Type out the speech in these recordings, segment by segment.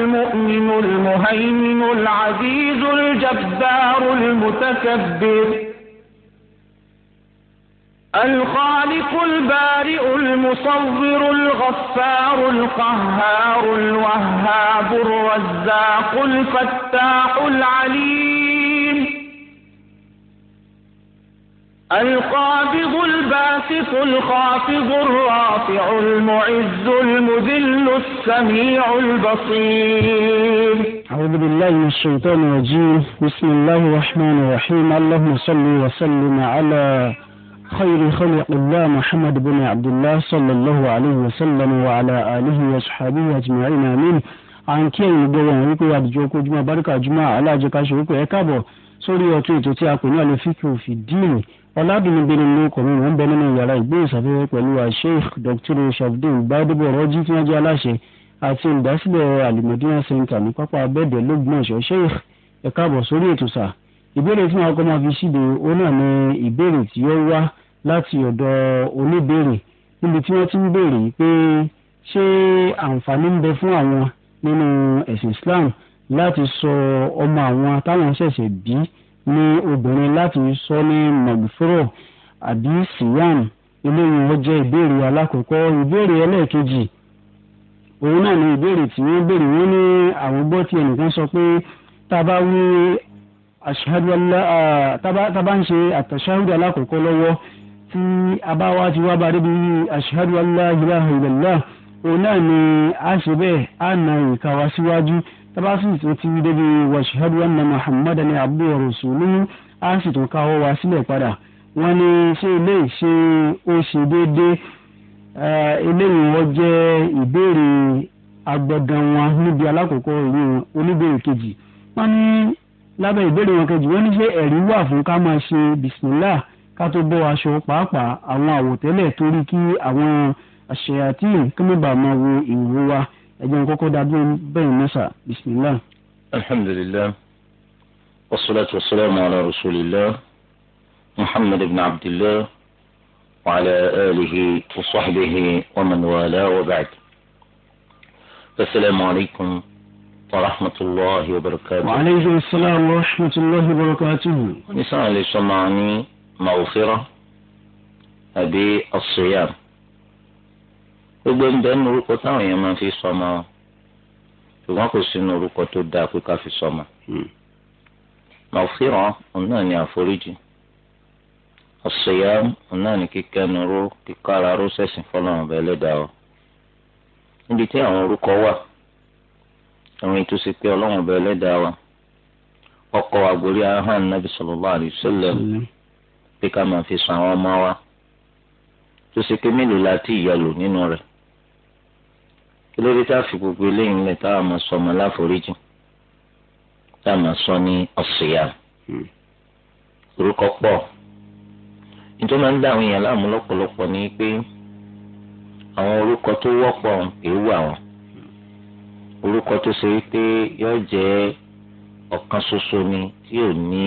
المؤمن المهيمن العزيز الجبار المتكبر الخالق البارئ المصور الغفار القهار الوهاب الرزاق الفتاح العليم القابض الباسط الخافض الرافع المعز المذل السميع البصير أعوذ بالله من الشيطان الرجيم بسم الله الرحمن الرحيم اللهم صل وسلم على خير خلق الله محمد بن عبد الله صلى الله عليه وسلم وعلى آله وصحبه أجمعين آمين عن كي يقول ويقول أدجوكو جمع بركة جمع على جكاش ويقول يكابو سوري وتويتو تيأكو نالي فيكو في الدين ọ̀làdùnú bẹ́ẹ̀ ni lóko mi wọ́n bẹ nínú yàrá ìgbóhùnsáfẹ́fẹ́ pẹ̀lú Sheikh Dr. shafdin gbadebo rọ́jí tí wọ́n jẹ́ aláṣẹ àti olùdásílẹ̀ alimọ̀dúnrà center ní pápá abẹ́ẹ̀dẹ̀ lọ́gbọ̀nsọ̀ Sheikh ẹ káàbọ̀ sórí ètò sà ìbéèrè tí wọn kọ́ máa fi síde ó náà ní ìbéèrè tí ó wá láti ọ̀dọ̀ oníbèrè níbi tí wọ́n ti ń béèrè pé ṣé àǹfààní ń Ni obìnrin láti sọ ní magbufuro àbí siyan eléyìí wọ́n jẹ́ ìbéèrè alákọ̀ọ́kọ́ ìbéèrè ẹlẹ́ẹ̀kejì òun náà ni ìbéèrè tí wọ́n béèrè wọ́n ní àwọn gbọ́ tí ẹnìkan sọ pé tá a bá wí ashhadu alla tá a bá ń ṣe àtàṣáhùdù alákọ̀ọ́kọ́ lọ́wọ́ tí a ti wá bá débi ashhadu alla ilaha òun náà ni a ṣe bẹ́ẹ̀ síwájú. Si tábà sì tún ti débi wàṣíhádù anna muhammadan ní abdul rasuluhu á sì tún káwọ́ wa sílẹ̀ padà wọ́n ní ṣé ilé ìṣe ó ṣe déédéé eléyìí wọ́n jẹ́ ìbéèrè agbọ̀dàn wọn níbi alákòókò ìwé wọn oníbèrè kejì wọ́n ní lábẹ́ ìbéèrè wọn kejì wọ́n ní ṣé ẹ̀rí wà fún ká máa ṣe bisimilá ká tó bọ́ aṣọ pàápàá àwọn àwòtẹ́lẹ̀ torí kí àwọn àṣeyàtì kí wọ́n máa wo ìwò wa. ẹ̀jẹ̀ kọ́kọ́ kó dàbí bẹ́ẹ̀ mẹ́sà bisimilah. alhamdulilayi wasalaatu wasalaamu ala rasulillah muhammad ibn abdillah wa ala alihi wa sahbihi wa man wala wa ba'd. asalaamu alaykum wa rahmatulahi wa barakatuhu. wa aleykum salaam wa rahmatulahi wa barakatuhu. nisaan le sọ maa ni mawfira àbí asiyam. gbogbo ń bẹ nínú orúkọ táwọn èèyàn máa fi sọmọ ṣùgbọ́n kò sínú orúkọ tó dáa pé ká fi sọmọ. màfíràn hmm. òun náà ni àforíjì ọ̀sẹ̀yà òun náà ni kíkẹ́nuró kíkáraró sẹ̀sìn fọlọ́run bẹ́ẹ̀ lẹ́dàá o. níbi tí àwọn orúkọ wà àwọn ètò sí pé ọlọ́run wa ọkọ̀ àgbórí nàbì tó sì mélòó la ti kílódé tá a fi gbogbo eléyìí ńlẹ̀ tá a máa sọ ọmọ láforíjì tá a máa sọ ní ọ̀sìyà hmm. orúkọ pọ̀ nítorí máa ń dá àwọn èèyàn láàmú lọ́pọ̀lọpọ̀ ni pé àwọn orúkọ tó wọ́pọ̀ èéwù àwọn orúkọ tó ṣe ni tí ò ní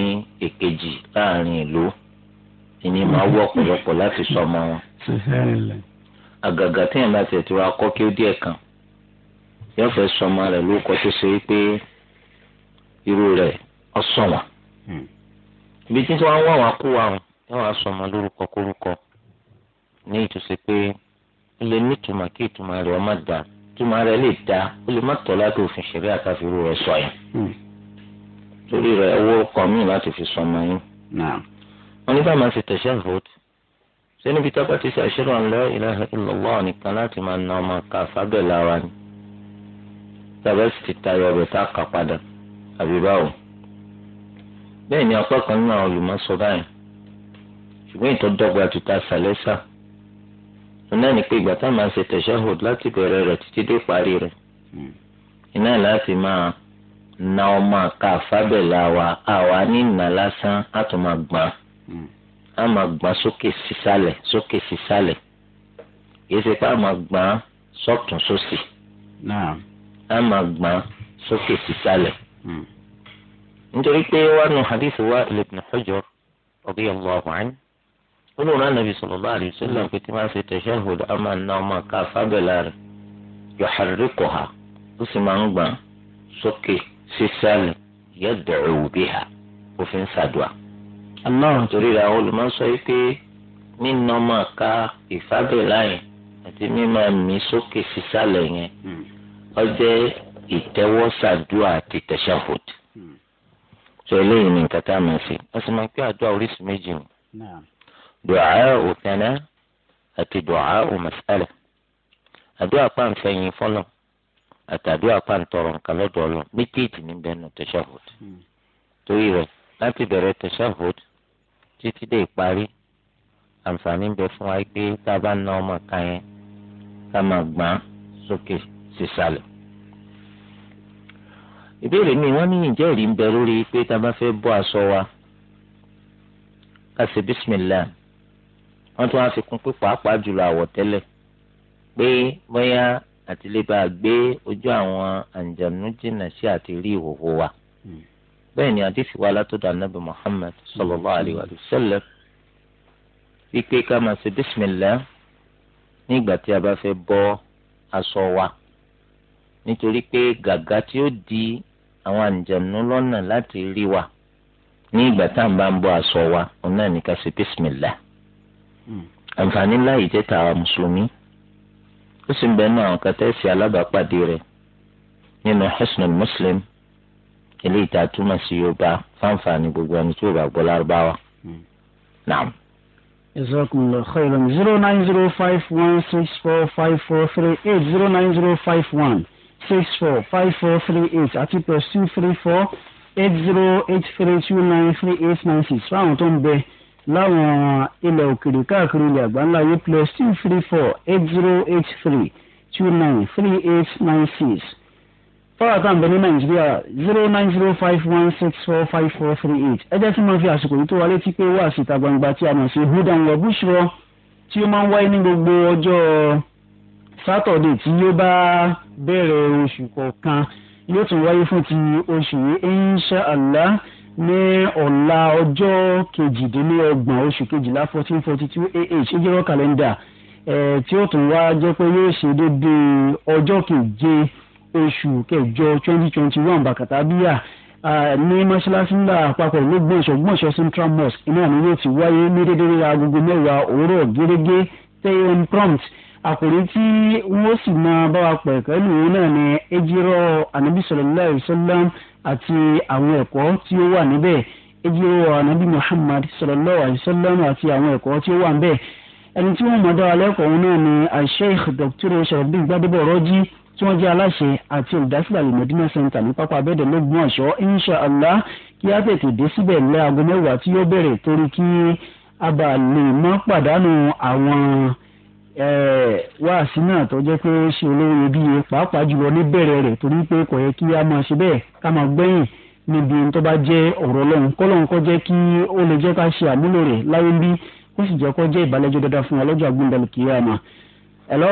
èkejì láàrin ìlú ìní máa ọ̀pọ̀lọpọ̀ láti sọ ọmọ wọn àgàgà tó díẹ̀ kan yóò fẹ́ sọmọ rẹ̀ lóko tó ṣe pé irú rẹ̀ ọ̀sọ̀wọ̀n hmm. ibi tí wọ́n wá wá kó wa yóò wá sọmọ lórúkọ kórúkọ ní ìtúsí pé ó lè ní ìtumọ̀ kí ìtumọ̀ rẹ̀ ọmọ dà ìtumọ̀ rẹ̀ lè dá ó lè má tọ́ láti òfin ṣẹ̀rí àtàfírú rẹ̀ sọ yẹn hmm. torí rẹ̀ owó kan míì láti fi sọmọ yín wọ́n ní bá máa fi tẹ̀sẹ̀ vote ṣé níbi tí ti ṣe àṣírò la ilaha nìkan láti máa na ọmọ kà sábẹ̀ lára ni tàbá sì ti tayọ rẹ̀ tá a kà padà àbí báwo. bẹ́ẹ̀ ni apá kan náà olùmọ̀sọ báyìí ṣùgbọ́n ìtọ́dọ́gba ti ta sàlẹ́sà iná ní pé ìgbà tá a máa ṣe tashahhud láti bẹ̀rẹ̀ rẹ̀ títí dé parí rẹ̀ hmm. iná láti máa na ọmọ àka àfábẹ̀lẹ̀ àwa àwa ní ìnà lásán á tún máa gbọ́n á hmm. máa gbọ́n sókè sísàlẹ̀ sókè sísàlẹ̀ kì pé á máa gbọ́n sọ́tún sósì á máa gbọ́n sókè sísàlẹ̀. Hmm. nítorí pé wọn nu hadith Wa'il ibn Hujr radiyallahu anhu olùwòrán nàbì sallallahu alaihi wasallam pé tí wọ́n ṣe tashahhud á máa ná ọmọ ká fábẹ́lá rẹ̀ yuharrikuha ó sì máa ń gbọ́n sókè sísàlẹ̀ yad'u biha òfin ṣàdùà. aláwọn torí ra olùmọ̀ sọ yìí pé nínú ọmọ ká ìfábẹ́lá yẹn àti mímọ mi sókè sísàlẹ̀ yẹn hmm ọjẹ́ ìtẹ́wọ́sàdúà àti tẹ̀sàfòd. Hmm. sọ eléyìí ni nǹkan tá a máa ṣe wọ́n sì máa pé àdúrà oríṣìí méjì ni. dùà òkànnà àti dùà òmàsálà àdúrà pàǹfẹ̀yìn fọlọ́ àtàdúrà pàǹtọ̀rọ̀ nǹkan lọ́dọ̀ ọlọ́ méjèèjì ní bẹ́ẹ̀nu tẹ̀sàfòd. torí rẹ̀ láti bẹ̀rẹ̀ tẹ̀sàfòd títí dé ìparí àǹfààní bẹ fún wa pé tá a bá ná ọmọ kan yẹn ká máa gbà á sókè sísàlẹ̀. ìbéèrè mi wọ́n ní ìjẹ́ ìrì ń bẹ lórí pé tá a bá fẹ́ bọ́ aṣọ wa ká ṣe bísímìlá wọ́n tún wá fi kún pé pàápàá jùlọ àwọ̀tẹ́lẹ̀ pé bóyá àtìlébà gbé ojú àwọn àǹjànú jìnnà sí àti rí ìhòòhò wa bẹ́ẹ̀ ni àdìsí wa látọ̀dọ̀ anábì Muhammad sallallahu alaihi wa wípé ká máa ṣe bísímìlá nígbà tí a bá fẹ́ bọ́ aṣọ wa nítorí pé gàgà tí ó di àwọn àǹjànú lọ́nà láti rí wa ní ìgbà tá à ń bá ń bọ́ aṣọ wa òun náà ní ká ṣe bísímìlà. Hmm. àǹfààní ńlá yìí jẹ́ tàwa mùsùlùmí ó sì ń bẹ nínú àwọn kẹtẹ́sì alábàápàdé rẹ̀ nínú hisnul muslim ilé ìta túmọ̀ sí yorùbá fáǹfààní gbogbo ẹni tí yóò bá gbọ́ lárúbáwá. Hmm. naam. jazakumullahu khairan zero nine zero five one six four five four three eight zero nine zero five one six four five four three eight àti plus two three four eight zero eight three two nine three eight nine six fáwọn tó ń bẹ láwọn ilẹ̀ òkèrè káàkiri ilẹ̀ àgbáńlá yìí plus two three four eight zero eight three two nine three eight nine six fọ́nà tá à ń bẹ ní nàìjíríà zero nine zero five one six four five four three eight ẹ jẹ́ tí mo fi àsìkò yìí tó wa létí pé wá síta gbangba tí a mọ̀ sí hudan wa bushro tí ó máa ń wáyé ní gbogbo ọjọ́ sátọ̀dé tí yóò bá bẹ̀rẹ̀ oṣù kọ̀ọ̀kan yóò tún wáyé fún ti oṣù insha allah ní ọ̀la ọjọ́ kejìdínlọ́gbọ̀n oṣù kejìlá fourteen forty two ah ìjírọ̀ kàlẹ́ndà tí ó tún wá jẹ́ pé yóò ṣe déédéé ọjọ́ keje oṣù kẹjọ twenty twenty one bàkàtà bíyà ní mọ́ṣáláṣí ńlá àpapọ̀ olóògbé ìṣọ̀gbọ́nṣọ́ central mosque iná ni yóò ti wáyé ní déédéé agogo mẹ́wàá òwúrọ̀ gẹ́gẹ́ prompt àkòrí tí wọ́n sì máa bá wa pẹ̀ pẹ̀lú òun náà ni ejirọ́ anabi sallallahu alaihi wasallam àti àwọn ẹ̀kọ́ tí ó wà níbẹ̀ ejirọ́ anabi muhammad sallallahu alaihi wasallam àti àwọn ẹ̀kọ́ tí ó wà níbẹ̀ ẹni tí wọ́n máa dá wa lẹ́kọ̀ọ́ òun náà ni al-sheikh dr sharafdin gbadebo rọ́jí tí wọ́n jẹ́ aláṣẹ àti olùdásílẹ̀ alimọ̀dínà center ní pápá abẹ́dẹ̀ lógún ọ̀ṣọ́ inshàlá kí á tètè wáàsí náà tó jẹ́ pé ó ṣe olówó iyebíye pàápàá jùlọ ní bẹ̀rẹ̀ rẹ̀ torí pé kò yẹ kí a máa ṣe bẹ́ẹ̀ ká máa gbẹ̀yìn níbi tó bá jẹ́ ọ̀rọ̀ ọlọ́run kọ́lọ́run kọ́ jẹ́ kí ó lè jẹ́ ká ṣe àmúlò rẹ̀ láyé bí ó sì jẹ́ kó jẹ́ ìbálẹ́jọ́ dáadáa fún wa lọ́jọ́ àgbọ̀ndàlù kìí àmà. hello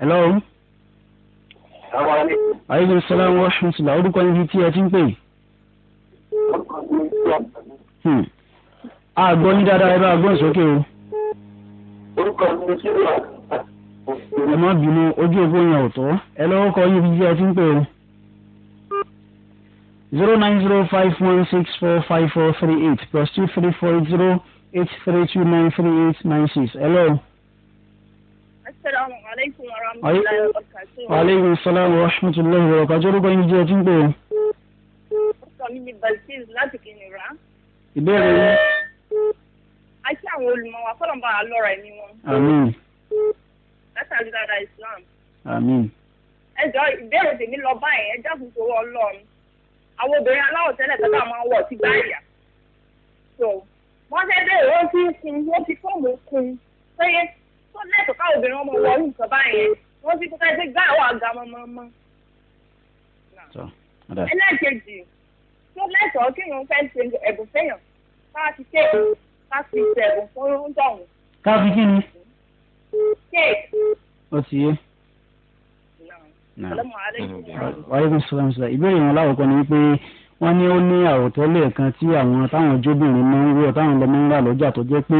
hello. aleykum salaam wa rahmatulah orúkọ orúkọ mi ṣe wà. ẹ má bínú ojú òpó yẹn ò tọ́ ẹ lọ́wọ́ kọ yíbi jí ẹ ti ń pè o. zero nine zero five one six four five four three eight plus two three four zero eight three two nine three eight nine six. hello. asalaamualeykum wa rahmatulahi wa barakatuh. wa salaam wa rahmatulahi wa barakatuh. orúkọ yín jí ẹ ti ń pè o. orúkọ mi ni balsis láti kìnìún ìbéèrè yín àti àwọn olùmọ̀ wa fọlọ́n bá lọ́ra ẹ̀mí wọn. àmín. látàrí dáadáa islam. àmín. ẹ jọ ìbéèrè tèmi lọ báyìí ẹ jákùn sọ̀rọ̀ ọlọ́run àwọn obìnrin aláwọ̀ tẹ́lẹ̀ tẹ́lẹ̀ máa ń sí gbáyà. so wọ́n fẹ́ bẹ́ẹ̀ ó fi ń kun wọ́n fi fọ́ọ̀mù kun péye tó lẹ́tọ̀ọ́ káwọn obìnrin ọmọ wọ nǹkan báyẹn wọ́n fi kúkẹ́ sí gbáyà wà ga mọ́mọ́mọ́. ẹlẹ́ẹ̀kejì tó lẹ́tọ̀ọ́ kí wọ́n fẹ́ ṣe ẹ̀bùn fẹ́yàn ká sẹ̀gùn fún oúnjẹ yẹn. ká kí ni. kéèkì. ó ti yé. wàhálà sọlá sọlá ìbéèrè wọn láwùjọ ni wípé wọ́n ní ó ní àwòtẹ́lẹ̀ kan tí àwọn táwọn jóbìnrin máa ń wọ táwọn lọ máa ń rà lọ́jà tó jẹ́ pé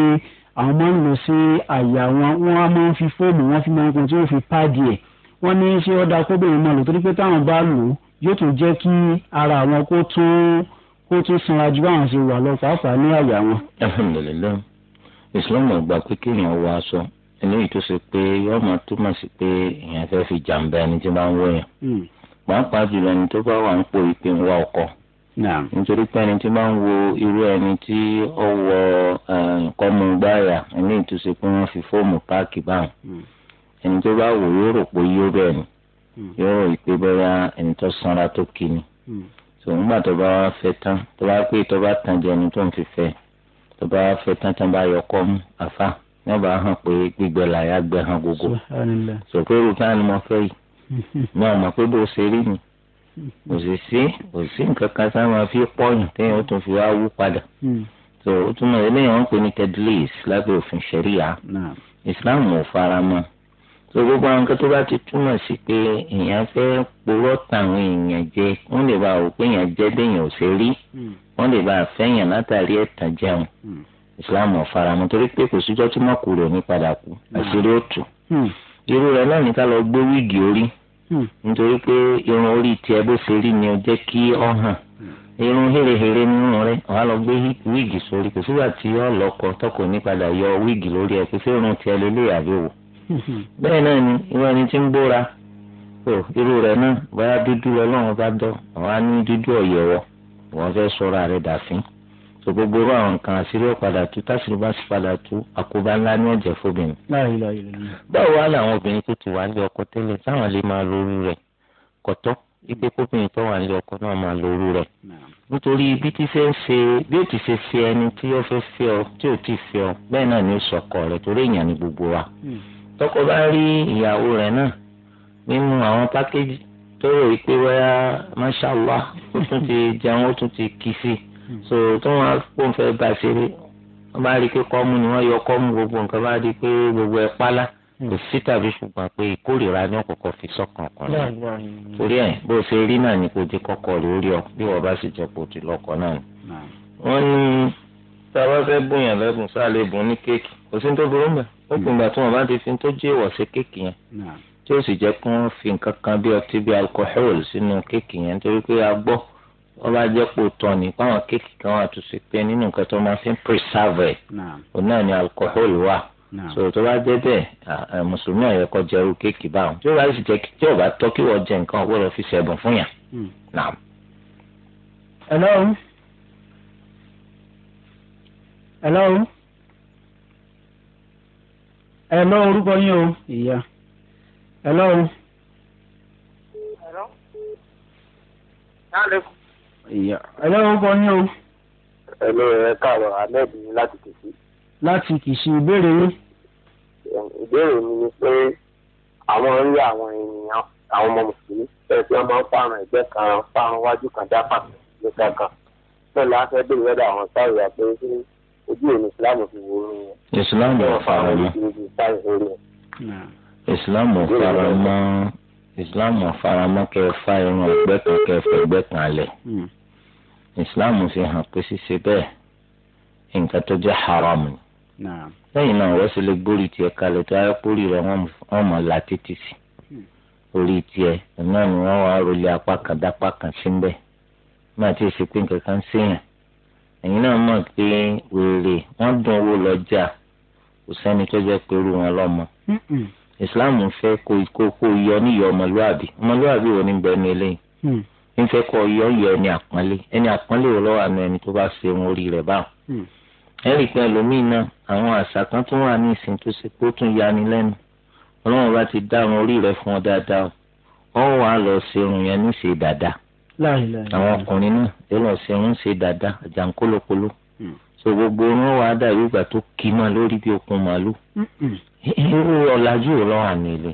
àwọn máa ń lọ sí àyà wọn wọ́n máa ń fi fóòmù wọ́n fi máa ń kan tí wọ́n fi páàdì ẹ̀ wọ́n ní ṣé ọ̀dà kóbìnrin máa lò torí pé táwọn bá lò yóò tún jẹ́ kí ara àwọn kó tún kó tún sanra ju báwọn ṣe wà lọ fàáfàá ní àyà wọn. alhamdulilayi islam ọgbà pé kéèyàn wọ aṣọ eléyìí tó ṣe pé yọọ máa túmọ̀ sí pé èèyàn fẹ́ fi jàǹbá ẹni tí máa ń wọ yàn hmm. pàápàá jùlọ ẹni tó bá wà ń pò ìpè ń wá ọkọ nítorí pé ẹni tí máa ń wo irú ẹni tí ó wọ nǹkan eléyìí tó ṣe pé wọ́n fi fóòmù páàkì báwọn hmm. ẹni tó bá wò yóò rò pé yóò bẹ́ẹ̀ ni hmm. yóò rò pé bẹ́ẹ̀ ẹni tó sanra tó kí ni tó ń gbà tó bá wá fẹ́ tán tó bá pé tó bá tàn jẹ ẹni tó ń fi fẹ́ tó bá wá fẹ́ tán tán bá yọ kọ́ mú àfa wọ́n bá hàn pé gbígbẹ làyà gbẹ hàn gbogbo sọ̀kè rò kí wọ́n mọ fẹ́ yìí wọ́n mọ̀ pé bó ṣe rí ni kò sì sí kò sí nǹkan kan tá máa fi pọ́yìn téèyàn ó tún fi wá wú padà tó hmm. o túmọ̀ eléyàn ń pè ní tedlis lábẹ́ òfin ṣẹ̀ríyà Islam ò fara mọ́ so gbogbo àwọn nǹkan tó bá ti túmọ̀ sí pé èèyàn fẹ́ purọ́ tàwọn èèyàn jẹ wọ́n lè bá wò pé èèyàn jẹ́ béèyàn ò ṣe rí hmm. wọ́n lè bá fẹ́yàn látàrí ẹ̀tàn jẹun hmm. islam ọ̀faramọ́ torí pé kò síjọ́ tí mọ́kù rẹ̀ ní padà kú hmm. àṣírí ó irú rẹ̀ náà ní ká lọ gbé wíìgì orí nítorí pé ọ hàn irun hérehère nínú lọ gbé wíìgì sórí kò ọ bẹ́ẹ̀ náà ni irú ẹni tí ń bóra irú rẹ̀ náà báyà dúdú ọlọ́run bá dọ́ àwọn ní dúdú ọ̀yẹ̀wọ̀ wọ́n fẹ́ sọ̀rọ̀ rẹ̀ dàfín tó gbogbo àwọn nǹkan àṣírí ọ̀padà táṣírí bá padà àkóbá ńlá ní ọ̀jẹ̀ fóbìnrin. báwo wà ní ọkọ tẹ́lẹ̀ wà ní ọkọ náà máa rẹ̀ tọkọ bá rí ìyàwó rẹ̀ náà nínú àwọn pákéjì tó rò yí pé wáyà mashallah ó tún ti jẹun ó tún ti kì sí so tó wọn kó n fẹ́ bá ṣeré wọn bá rí i pé kọ́mù ni wọ́n yọ kọ́mù gbogbo nǹkan bá rí i pé gbogbo ẹ̀ pálá hmm. kò sí tàbí ṣùgbọ́n pé ìkórìíra ní ọ̀kọ̀ọ̀kan fi sọ́kàn kan náà torí ẹ̀ bó ṣe rí náà ni kò di kọ́kọ́ rí orí ọ bí wọ́n bá sì jẹ́ kó ti lọ́kọ̀ náà ni. wọ́n ní tí a bá fẹ́ bùn lẹ́bùn sáà lè bùn ní kéèkì kò sí ní tó burú mẹ́rin ó kùn gbà tí wọn bá ti fi tó jẹ́ ìwọ̀sí kéèkì yẹn tí ó sì jẹ́ kí wọ́n fi nǹkan kan bí ọtí bí alcohol sínú kéèkì yẹn nítorí pé a gbọ́ wọ́n bá jẹ́ pò tán ní páwọn kéèkì kan wà tó ṣe pé nínú nǹkan tó máa fi ń preserve ẹ̀ òun náà ni alcohol wà so tó bá jẹ́ bẹ́ẹ̀ mùsùlùmí ọ̀yẹ́ kọ́ jẹ́rú kéèkì báwọn tí ó bá sì jẹ́ tí ò bá tọ́ kí wọ́n jẹ nǹkan ọ̀gbọ́dọ̀ fi ṣẹ̀bùn fún yàn. Hmm. hello hello ẹ lọ orúkọ yín o ìyá ẹ lọ o. ìyá ẹ lọ orúkọ yín o. ẹ lọ ẹ káàárọ̀ ahmed ní láti kìsì. láti kìsì ìbéèrè yín. ìbéèrè mi ni pé àwọn ń rí àwọn ènìyàn àwọn ọmọ mùsùlùmí ẹ tí wọn máa ń fárun ẹgbẹ́ kan fárun wájú kan dá pàtó nípa kan pẹ̀lú afẹ́bí ìwẹ́dà àwọn sáré àpéjì ojú òní islam fi wò ó yẹn. islam ò fara mọ́ islam ò fara mọ́ islam ò fara mọ́ kẹ́ ẹ fa irun ọ̀gbẹ́ kan kẹ́ ẹ fẹ̀gbẹ́ kan lẹ̀ hmm. islam fi hàn pé ṣíṣe bẹ́ẹ̀ nǹkan tó jẹ́ haram ni lẹ́yìn náà wọ́n sì lè gbórí tiẹ̀ kalẹ̀ tó ayé kórì rẹ̀ wọ́n mọ̀ la títì sí hmm. orí tiẹ̀ náà ni wọ́n wá rọlé apá kan dápá kan sí ń bẹ̀ náà tí ì ṣe pé nǹkan kan ń ṣèyàn ẹ̀yin náà mọ̀ pé wèrè wọ́n dùn owó lọ́jà kò sẹ́ni tó jẹ́ pé irú wọn lọ́mọ. ìsìláàmù fẹ́ kó kó yọ níyọ ọmọlúwàbí ọmọlúwàbí wo ni bẹ́ẹ̀ ni eléyìí nífẹ̀ẹ́ mm. kọ yọ yọ ẹni àpọ́nlé ẹni àpọ́nlé wo lọ́wọ́ àna ẹni tó bá ṣe wọn orí rẹ̀ báwọn. Mm. ẹnì kan ẹlòmíì náà àwọn àṣà kan tó wà ní ìsìn tó ṣe pé ó tún yani lẹ́nu ọlọ́run bá ti dá wọn orí rẹ̀ fún ọ dáadáa ọ àwọn ọkùnrin náà yóò lọ sí irun ṣe dáadáa àjàǹkólókòló hmm. so gbogbo irun wa dàbí ìgbà tó kì máa lórí bí okun màálù hmm. irú ọ̀làjú ò lọ́wọ́ àmì ilé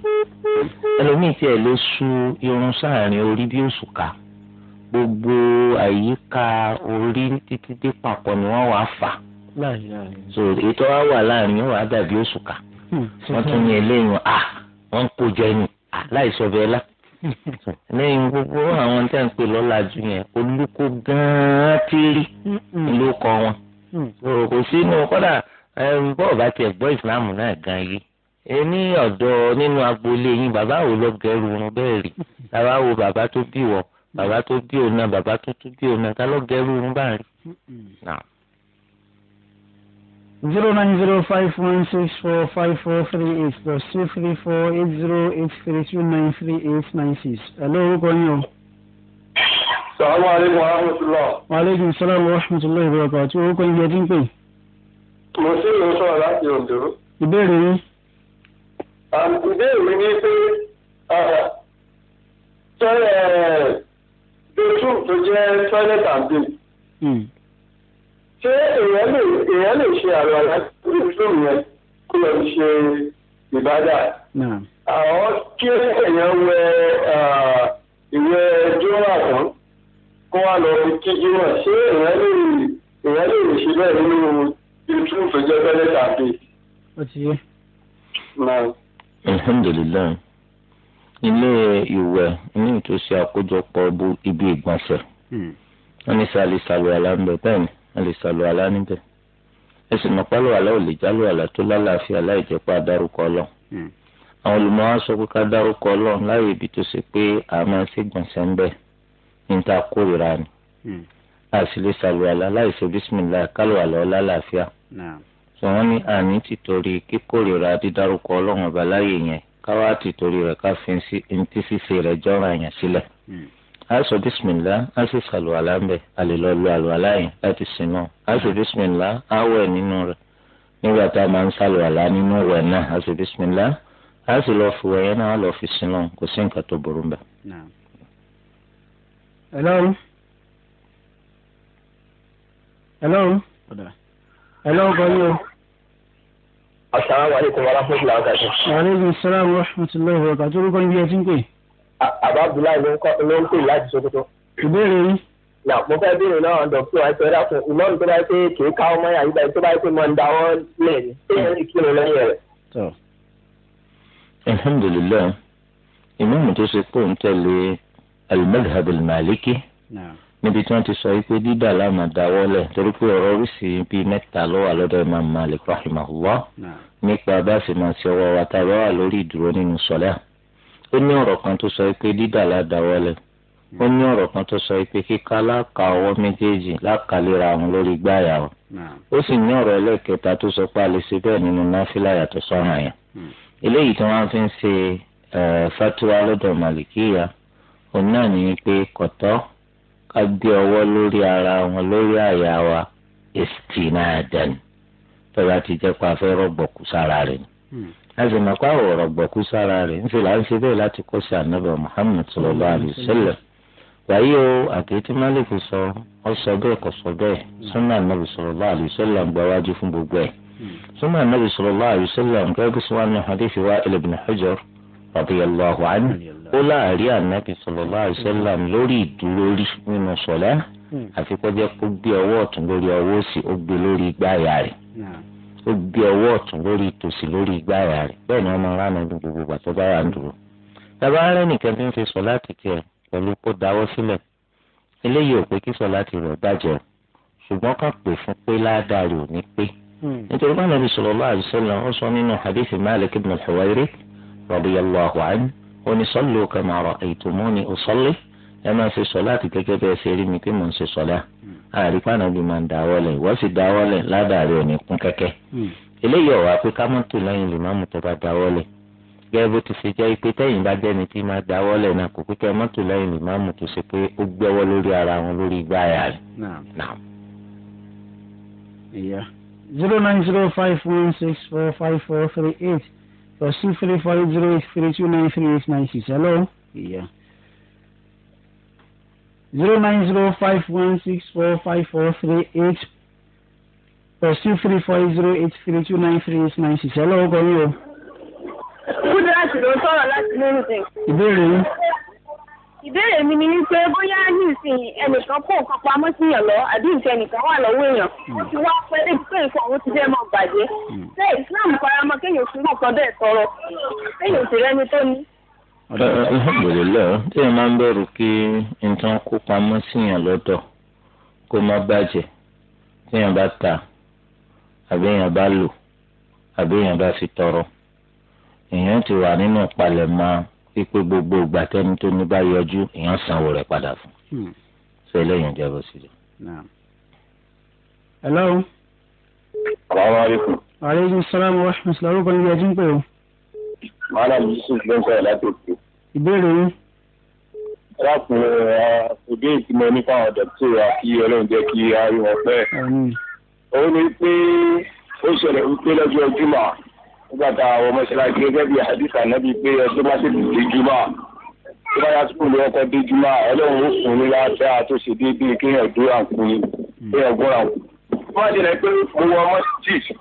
ẹlòmíì tiẹ̀ ló sú irun sáàrin orí bí òṣùká gbogbo àyíká orí títí dé papọ̀ ni wọ́n wàá fà so ètò wa wà láàrin yóò wá dàbí òṣùká hmm. wọ́n tún ní eléyìí à ah, wọ́n kó jẹ nù ah, láì sọ bẹ́ẹ̀ lá. lẹ́yìn gbogbo àwọn tẹ́ ń pè lọ́làjú yẹn olùkọ́ gan-an ti rí ló kọ wọn. Mm. kò sínú kọ́dà bọ́ọ̀ bá tiẹ̀ gbọ́ ìsìláàmù náà gan yìí. èmi ọ̀dọ́ nínú agboolé yín bàbá wo lọ gẹrù irun bẹ́ẹ̀ rí bàbá wo bàbá tó bí wọ bàbá tó bí òun náà bàbá tó tún bí òun náà ká lọ gẹrù irun báà rí zero nine zero five one six four five four three eight plus two three four eight zero eight three two nine three eight nine six. ẹ̀lọ́ orúkọ yín o. sàlámù aleykum wa rahmatulah. wa aleykum salaam wa rahmatulah ibrahima àti orúkọ yín jẹ́jú ń pè. mo ṣe ìlú sọ̀rọ̀ láti Oǹdó. ìbéèrè yín. ìbéèrè mi ni pé tọ́lẹ̀ tó tún tó jẹ́ toilet and ṣé èèyàn lè èèyàn lè ṣe àrò àlá lórí fíìmù yẹn kó lọ fi ṣe ìbádà. àwọn kí èèyàn wẹ ìwé jọwọ àtàn kó wá lọ fi kíjú náà ṣé èèyàn lè èèyàn lè ṣe bẹ́ẹ̀ nínú youtube fẹjọ́ tẹ́lẹ̀ tàbí. ó ti yé. alhamdulilayi ilé ìwẹ̀ ní ìtòsí àkójọpọ̀ ibi ìgbọ̀nsẹ̀ hmm. wọ́n ní sàlẹ̀ sàlẹ̀ àlàmbẹ̀ bẹ́ẹ̀ ni ẹ lè sàlù àlá níbẹ̀ ẹ ala mọ̀ pálọ̀ àlá ò lè jálù àlá tó lálàáfíà láì jẹ́ pé adárúkọ ọlọ́ hmm. àwọn olùmọ̀ wa sọ pé ká dárúkọ ọlọ́ láyé ibi tó ṣe pé a máa ṣe gbọ̀nsẹ̀ ńbẹ ní ta kórìíra ni hmm. a sì lè sàlù àlá láì ṣe bísímìlá kálù àlá ọlá làáfíà sọ wọn ní àní ti torí kíkórìíra dídárúkọ ọlọ́run ọba láyé yẹn káwá ti torí rẹ̀ ká fi ń tí ṣíṣe rẹ̀ jọ́ra yẹn sílẹ̀. Hmm àìsàn bisimilá àti sàlùwàlà ń bẹ àlèlọ́lu àlùwàlà yẹn láti sinú àìsàn bisimilá àwẹ̀ nínú rẹ̀ nígbà tá a máa ń sàlùwàlà nínú rẹ̀ náà àìsàn bisimilá àìsì lọ fi wẹ̀yẹ náà lọ fi sinú kò sí nǹkan tó burú mbẹ. hello hello hello bọ́lú o. asalaamualeykum wa rahmatulahi wa barakatuh. wa aleykum salaam wa rahmatulahi wa barakatuh orúkọ níbi ẹ ti ń pè àbá abdullahi ló ń pè láti sokoto. ìbéèrè yìí. nà mo fẹ́ béèrè náà ọ̀dọ̀ fún wa ẹ̀sẹ̀ dákun ìmọ̀nù tó bá yẹ pé kì í ká ọmọ yà yíba tó bá yẹ pé mọ̀ ń da wọ́n lẹ̀ ní kéèyàn lè kírun lẹ́yìn rẹ̀. alhamdulilayi ìmọ̀mù tó ṣe kó ń tẹ̀lé al-madhhab maliki níbi tí wọ́n ti sọ pé dídà láàmà dáwọ́lẹ̀ torí pé ọ̀rọ̀ oríṣi bíi mẹ́ta ló wà lọ́dọ̀ imam malik rahimahullah nípa bá a ṣe máa ṣe ọwọ́ wa tá wà lórí ìdúró nínú sọ́lá ó ní ọ̀rọ̀ kan tó sọ pé dídà ládàwọ́lẹ̀ ó ní ọ̀rọ̀ kan tó sọ pé kíká láka ọwọ́ méjèèjì lákàlera àwọn lórí gbáyà o ó sì ní ọ̀rọ̀ ẹlẹ́kẹta tó sọ pé a lè ṣe bẹ́ẹ̀ nínú náfìlà yàtọ̀ sọ́ràn yẹn hmm. eléyìí tí wọ́n fi ń ṣe fatuwa lọ́dọ̀ màlìkíyà òun náà ní pé kọ̀tọ́ ká gbé ọwọ́ lórí ara wọn lórí àyà wa èsì náà dẹnu tọ́ba ti jẹ́ pa afẹ́rọ́ gbọ̀kú sára rẹ̀ ni. Hmm azìmọ̀pá ọ̀rọ̀ gbọ̀kú sára rẹ̀ ń fi là ń ṣe bẹ́ẹ̀ láti kó sí ànábà Muhammad sallallahu alayhi wa sallam wàyí o àkéétí Malik sọ ọ sọ bẹ́ẹ̀ kò sọ bẹ́ẹ̀ súnà ànábì sallallahu alayhi wa sallam ń gba wájú fún gbogbo ẹ̀ súnà ànábì sallallahu alayhi wa sallam ń gẹ́gẹ́ sí wa ní hadith Wa'il ibn Hajar radiyallahu anhu ó láàrí ànábì sallallahu alayhi wa sallam lórí ìdúró rí nínú sọ̀lá hmm. àfikọ́jẹ́ kó gbé ọwọ́ ọ̀tún lórí ọwọ́ òsì ó gbé lórí igbá àyà rẹ̀ ó gbé ọwọ́ ọ̀tún lórí ìtòsí lórí igbá àyà rẹ̀ bẹ́ẹ̀ ni ọmọ ránu ọdún gbogbo gbà tó bá wà ń dúró. bàbá rẹ̀ nìkan ti ń ṣe sọ láti tiẹ̀ pẹ̀lú kó dáwọ́ sílẹ̀ eléyìí ò pé kí sọ láti rẹ̀ bàjẹ́ ṣùgbọ́n kàn pè fún pé ládàá rẹ̀ ò ní pé. Hmm. nítorí bá nàbí sallallahu alaihi wasallam ó sọ nínú hadith Malik ibn al-Huwairi radiyallahu anhu àríkpá nàbí máa ń dáwọ́lẹ̀ wọ́n sì dáwọ́lẹ̀ ládàrí òní kún kẹ́kẹ́ hmm. eléyìí ọ̀wá pé ká mọ́tò lẹ́yìn lè máa mú tó bá dáwọ́lẹ̀ gẹ́gẹ́ bó ti ṣe jẹ́ pé tẹ́yìn bá jẹ́ni tí máa dáwọ́lẹ̀ náà kò pé kẹ́ mọ́tò lẹ́yìn lè máa mú tó ṣe pé ó gbẹ́wọ́ lórí ara wọn lórí igbá ayà rẹ̀. zero nine zero five one six four five four three eight plus two three five zero eight three two nine three eight nine six hello. Yeah zero nine zero five one six four five four three eight plus two three four zero eight three two nine three eight nine six. hello ọkọ mi o. kúndínláàtì ló sọ̀rọ̀ láti lóyún. ìbéèrè mi. ìbéèrè mi ni wípé bóyá nísìn ẹnìkan kó nǹkan pamọ́ sí yàn lọ àbí ìfẹ́ nìkan wà lọ́wọ́ èèyàn wọ́n ti wá pé pé nǹkan òun ti fẹ́ máa bàjẹ́. Hmm. ṣé Islam faramọ́ kéèyàn fún nǹkan bẹ́ẹ̀ sọ̀rọ̀ kéèyàn sì rẹ́ni to ní alhamdulilayi tí ẹ máa ń bẹ̀rù kí nǹkan kó pamọ́ síyàn lọ́dọ̀ kó má bàjẹ́ tí èèyàn bá ta àbí èèyàn bá lò àbí èèyàn bá fi tọrọ èèyàn ti wà nínú ìpalẹ̀mọ́ pípé gbogbo ìgbà tẹ́ni tó ní bá yọjú èèyàn sanwó rẹ̀ padà fún un hmm. ṣé eléyìí ń jẹ́bọ̀ sí i. hello. salaamaleykum. aleykum salaam wa rahmatulah. orúkọ yín bí ẹ ti ń pè o mọ́nà yusuf ló ń sọ̀rọ̀ láti òkè. ìbéèrè yín. láàpù òde ìtìmọ̀ nípa ọ̀dọ̀ tó wà kí ọlọ́run jẹ́ kí a wọn pẹ́. òun ni pé ó ṣẹlẹ̀ wípé lọ́jọ́ jùmọ̀ nígbà tá àwọn mọ́ṣáláṣí gẹ́gẹ́ bí àdìsá náà bíi pé ọjọ́ má tètè dé jùmọ̀ tó bá yá sùkúlù ọkọ̀ dé jùmọ̀ ọlọ́run ó fún mi láàbẹ́ àtúnṣe déédéé kéèyàn dúró àǹkùn kéèyàn gbọ́ràn. wọ́n ti rẹ̀ pé mo wọ mọ́ṣíjì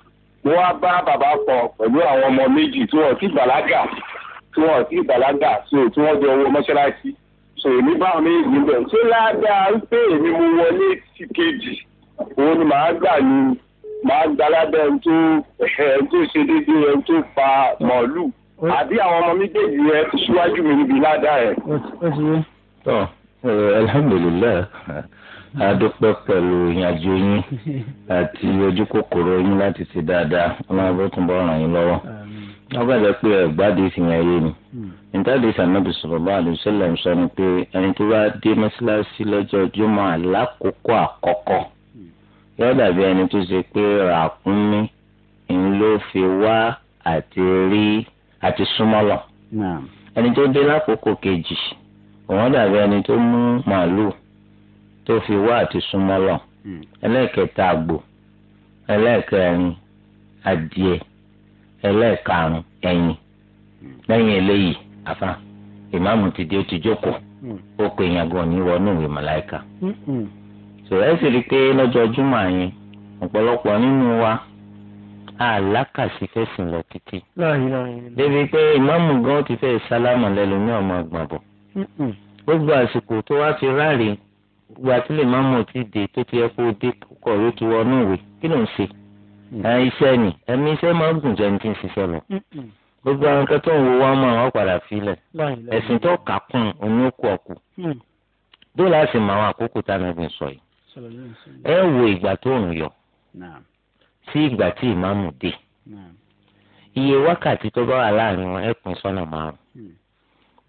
mo wá bá bàbá kan pẹ̀lú àwọn ọmọ méjì tí wọ́n ti bàlágà tí wọ́n ti bàlágà so tí wọ́n jọ owó mọ́ṣáláṣí so èmi bá wọn méjì ń bẹ̀ ṣé ládàá ń pè èmi mo wọlé sí kejì òun ni màá gbà ní màá gbà lábẹ́ ẹni tó ẹni tó ṣe déédéé ẹni tó pa màálù àbí àwọn ọmọ méjèèjì rẹ ti ṣíwájú mi níbi ládàá ẹ. alhamdulilayi adúpẹ́ pẹ̀lú ìyànjú yín àti ojú kòkòrò yín láti ṣe dáadáa ọlọ́run bó tún bọ́ ràn yín lọ́wọ́ wọ́n gbàgbọ́ pé ẹ̀gbádìí fi yàn yé ni nítorí hmm. sànàbì sallallahu alaihi wasallam sọ ni pé ẹni tó bá dé mọ́ṣáláṣí lọ́jọ́ jùmọ̀ lákòókò àkọ́kọ́ yóò dàbí ẹni tó ṣe pé ràkúnmí ń ló fi wá àti rí àti súnmọ́ lọ ẹni tó dé lákòókò kejì òun dàbí ẹni tó mú màálù tó fi wá àti súnmọ́ lọ hmm. ẹlẹ́ẹ̀kẹta àgbò ẹlẹ́ẹ̀kẹrin adìẹ ẹlẹ́ẹ̀karùn ẹyin hmm. lẹ́yìn eléyìí afa ìmáàmù ti di ó ti jókòó hmm. ó pe èèyàn gan ní wọnú ìwé màláìka so ẹ sì rí i pé lọ́jọ́júmọ́ àyẹn ọ̀pọ̀lọpọ̀ nínú wa àlákàsí fẹ̀sìn lọ títí débi pé ìmáàmù gan ti fẹ́ sálámà lẹ́nu ní ọmọ àgbàbọ̀ gbogbo àsìkò tó wá fi ráàlì ìgbà tí lè má mọ̀ tí dé tó ti yẹ kó dé kọ̀wé ti wọnú ìwé kí ló ń ṣe mm. iṣẹ́ ni ẹ̀mí iṣẹ́ máa ń gùn jẹun tí ń ṣiṣẹ́ lọ gbogbo àwọn kan wo wọn padà filẹ̀ ẹ̀sìn tó kà kún òkú ọ̀kú mm. àkókò tá a nàgbìn sọ yìí ẹ wo ìgbà tó ń yọ sí ìgbà tí ìmáàmù dé iye wákàtí tó bá wà láàrin wọn ẹ sọ́nà márùn-ún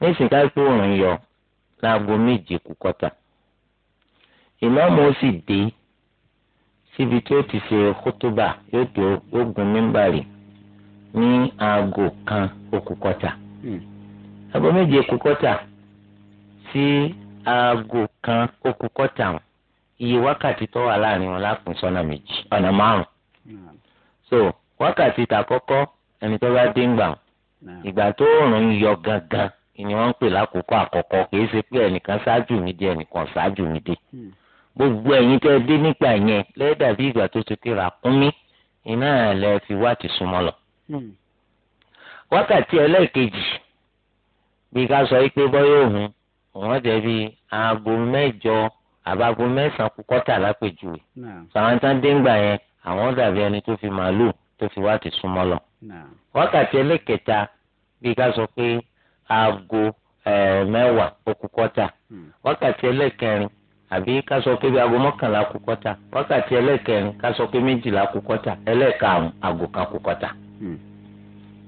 mm. nísìnyí ká pé ìmáàmù ó hmm. sì dé síbi tí ó ti ṣe kótóbà yóò tó ogun mímbàrì ní aago kan okùkọta hmm. aago méje okùkọ́tà sí aago kan iye wákàtí tó wà láàrin wọn lápùn sọ́nà méjì ọ̀nà márùn hmm. so wákàtí tàkọ́kọ́ ẹni tó bá dé ń gbà ìgbà tó rùn ń yọ gangan ni wọ́n ń pè lákòókò àkọ́kọ́ kì í ṣe pé ẹnìkan ṣáájú gbogbo ẹ̀yin tẹ́ dé nígbà yẹn lẹ́dàbí ìgbà tó ti kéra kúnmí iná lẹ fi wá ti súnmọ́ lọ. Hmm. wákàtí ẹlẹ́ẹ̀kejì bí ká sọ pé bọ́yọ̀ òun òun jẹ́ bí aago mẹ́jọ àbáago mẹ́sàn-án kúkọ́tà lápèjúwe sàwọn tán dé ńgbà yẹn àwọn dàbí ẹni tó fi màálùú tó fi wá ti súnmọ́ lọ. wákàtí ẹlẹ́kẹta bí ká sọ pé aago eh, mẹ́wàá ó kúkọ́tà hmm. wákàtí ẹlẹ́kẹrin àbí ká sọ pé bí aago mọ́kànlá kù kọ́tà wákàtí ẹlẹ́kẹrin ká sọ pé méjìlá kù kọ́tà ẹlẹ́karùn aago kan kù kọ́tà. Hmm.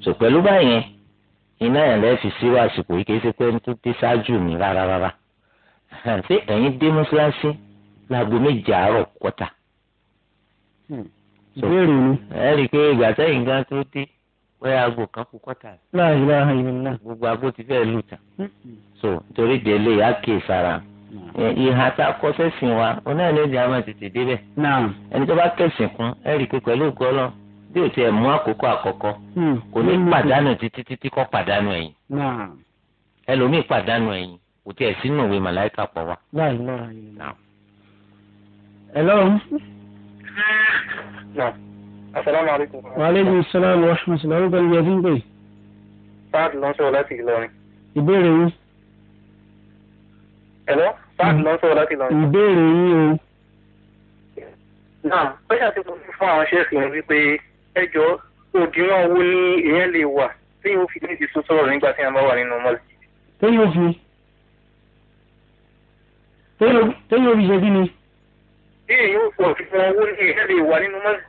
sọ pẹ̀lú báyẹn iná yẹn lẹ́ fi síwá àsìkò yìí kì í ṣe pé tó dé ṣáájú mi rárá rárá. ṣé ẹ̀yin dé mọ́ṣáláṣí láago méje àárọ̀ kọ́tà. Hmm. ìbéèrè mi. ẹ rí i pé ìgbà sẹ́yìn gan tó dé bóyá aago kan kù kọ́tà. láàyè náà. gbogbo aago ti fẹ́ lù tà. Hmm. so torí délé yà kéè ìhà tá a kọ sẹ́sìn wa òun náà ní èdè àmọ́ tètè débẹ̀. ẹni tó bá kẹ̀sìn kún ẹ rí i pé pẹ̀lú ògùn ọlọ́run bí o tiẹ̀ mú àkókò àkọ́kọ́ hmm. kò ní pàdánù títí títí kọ́ pàdánù ẹ̀yìn ẹlòmíì pàdánù asalaamualeykum. waaleykum salaam wa rahmatulah. orúkọ ìyẹn ti ń pè. báàdì lọ́sọ̀rọ̀ láti Ìlọrin. ìbéèrè yìí. ẹ̀rọ báàgì lọ sọ̀rọ̀ láti lọ. ìbéèrè yín o. náà ó ṣàti fún àwọn ṣẹ́ẹ̀sì yẹn wípé ẹjọ́ òdiwọ̀n owó ní èèyàn lè wà tí yóò fi ní ìdísún sọ̀rọ̀ nígbà tí wọ́n bá wà nínú mọ́lẹ̀. téyọ̀ fi téyọ̀ fi ṣe kí ni. bí èyí ò pọ̀ fífún owó ní èèyàn lè wà nínú mọ́lẹ̀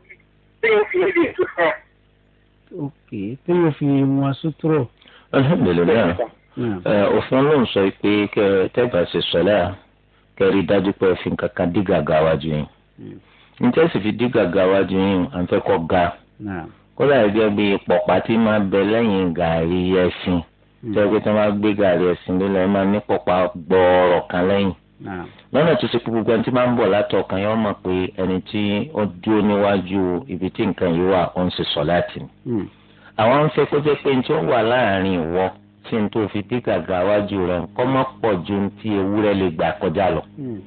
téyọ̀ fi ní sọ̀rọ̀. ok téyọ̀ fi wọn sótúrọ̀. alhamdulilayi. òfin ló ń sọ pé tẹ́gbà ṣe sọ́lá kẹ́rì dájú pé ẹ fi nǹkan dí gàgà wájú hmm. fi dí gàgà wájú yín à ń ga kódà gẹ́gẹ́ bí pọ̀pá tí máa bẹ lẹ́yìn gàrí ẹ̀sìn hmm. tẹ́wọ́ pé tí wọ́n bá gbé gàrí ẹ̀sìn nipopa ẹ máa kan lẹ́yìn lọ́nà tó ṣe gbogbo ẹni tí máa ń bọ̀ látọ̀ kan yóò mọ̀ pé ẹni tí ó dúró níwájú ibi tí nǹkan yìí wà ó sọ láti ni hmm. àwọn ń fẹ́ kó jẹ́ pé tí n tó fi dí gàgà wájú rẹ̀ kọ́ má pọ̀ ju ti ewúrẹ́ lè gbà kọjá lọ. Hmm.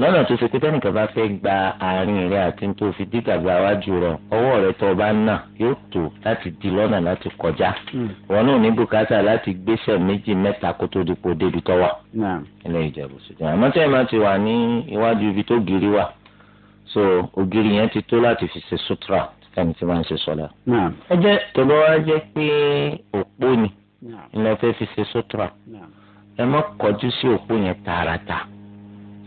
lọ́nà tó ṣe pé tẹ́nìkan bá fẹ́ gba àárín rẹ̀ àti n tó fi dí gàgà wájú rẹ̀ ọwọ́ rẹ̀ tó bá nà yóò tó láti di lọ́nà láti kọjá. Hmm. wọn náà ní bùkátà láti gbéṣẹ̀ méjì mẹ́ta kó tó dipò débi tọ́wà. ilé ìjẹ̀bù sùdùn àmọ́ tẹ́ ẹ̀ máa ti wà ní iwájú ibi tó giri wà so ògiri yẹn ti tó láti fi ṣe sutura ẹni tí wọ́n ń ṣe sọ́lá. ẹ jẹ́ tó bá wá jẹ́ pé òpó ni ńlẹ fẹ́ fi ṣe sutura ẹ má kọjú sí òpó yẹn tààràtà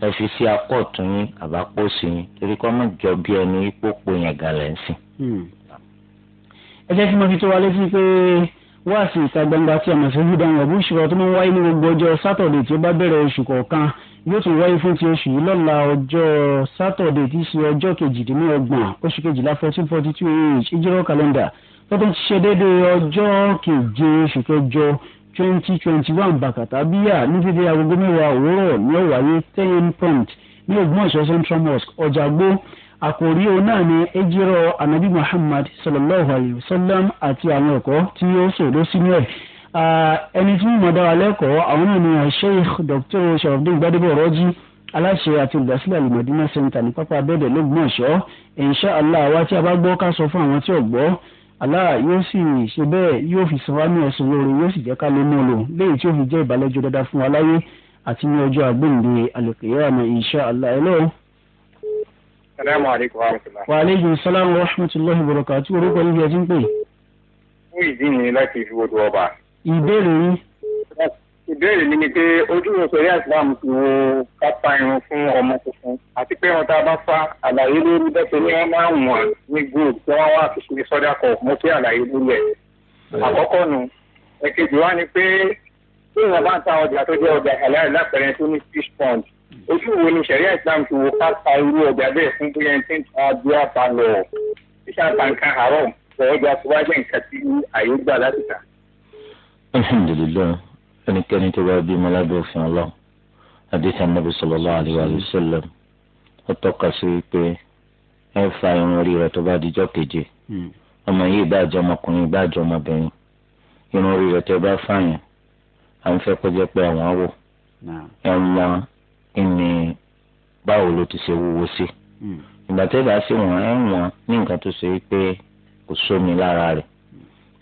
ẹ fi sí akọ́ọ̀tún yín àbápọ̀sí yín torí kọ́ mọ̀ jọ bí ẹni pópó yẹn gan lẹ́ ń sìn. Hmm. ẹ jẹ́ kí mo fi tó wa létí pé wáàsí ìta gbangba tí a mọ̀ sí húdáhùn ọ̀bùn ìṣòro tó máa ń wáyé ní gbogbo ọjọ́ sátọ̀dẹ̀ tí ó bá bẹ̀rẹ̀ oṣù kọ̀ọ̀kan yóò tún wáyé fún ti oṣù yìí lọ́la ọjọ́ sátọ̀dẹ̀ tí í ṣe ọjọ́ kejìdínlọ́gbọ̀n oṣù kejìlá fourteen forty two age ìjírọ̀ kàlẹ́ndà tó ti ṣe déédéé ọjọ́ keje oṣù kẹjọ twenty twenty one bàkàtà bíyà ní dídé agogo mẹ́wàá òwúrọ̀ ní ọ̀wáyé ten point ní Ògbómọ̀ṣọ́ Central Mosque ọ̀jàgbó àkòrí òun náà ni ejirọ anabi Muhammad sallallahu alayhi wa sallam àti àwọn ẹ̀kọ́ tí ó sòdó sínú ẹ̀ ẹni tí mo dára lẹ́kọ̀ọ́ àwọn náà ni Sheikh Dr. Sharafdin Gbadebo Rọ́jí aláṣẹ àti olùdásílẹ̀ alimọ̀dínà center ní pápá abẹ́ẹ̀dẹ̀ lÓgbómọ̀ṣọ́ insha Allah wa tí a bá gbọ́ ká sọ fún àwọn tí ò gbọ́ ala yóò sì ṣe bẹ́ẹ̀ yóò fi san wá ní ẹ̀sùn lórí yóò sì jẹ́ ká lè mú lò léyìí tí ó fi jẹ́ ìbálẹ́jọ́ dáadáa fún wa láyé àti ní ọjọ́ wa rahmatullahi. Wa salam wa rahmatullahi wa barakatuh orúkọ ẹ ti ń pè. Fún ìdí mi láti fi ọba. Ìbéèrè yín. ìbéèrè mi ni pé ojú ìrọ̀sọ̀rí islam ti wo ká irun fún ọmọ tuntun àti pé wọn tá a bá fa àlàyé lórí bẹ́ẹ̀ ni wọ́n máa ń wọ̀n ní gold tí wọ́n wá fi ṣe sọ́dá kọ̀ mo fi àlàyé lórí ẹ̀. àkọ́kọ́ nu ẹ̀kejì wá ni pé bí wọn bá ń ta ọjà tó jẹ́ ọjà àlàyé lápẹ̀rẹ̀ tó ní fish pond ojú wo ni sẹ̀rí islam ti wo ká irú ọjà bẹ́ẹ̀ fún bí ẹni tí ń ta dúrà pa lọ ìṣàtànkà àárọ̀ ọjà ẹnikẹ́ni tó bá bímọ lábẹ́ òfin ọlọ́run àdéhùn anábì sallallahu alaihi wa sallam ó tọ́ka sí pé ẹ fa irun orí rẹ tó bá dijọ́ keje hmm. ọmọ yìí bá jọ ọmọkùnrin bá jọ ọmọbìnrin irun orí rẹ tó bá fààyàn à ń fẹ́ kó jẹ́ pé àwọn wò ẹ mọ ìní báwo ló ti ṣe wúwo sí hmm. ìgbà tẹ́ bá sí wọn ẹ wọn ní nǹkan tó ṣe pé kò sómi lára rẹ̀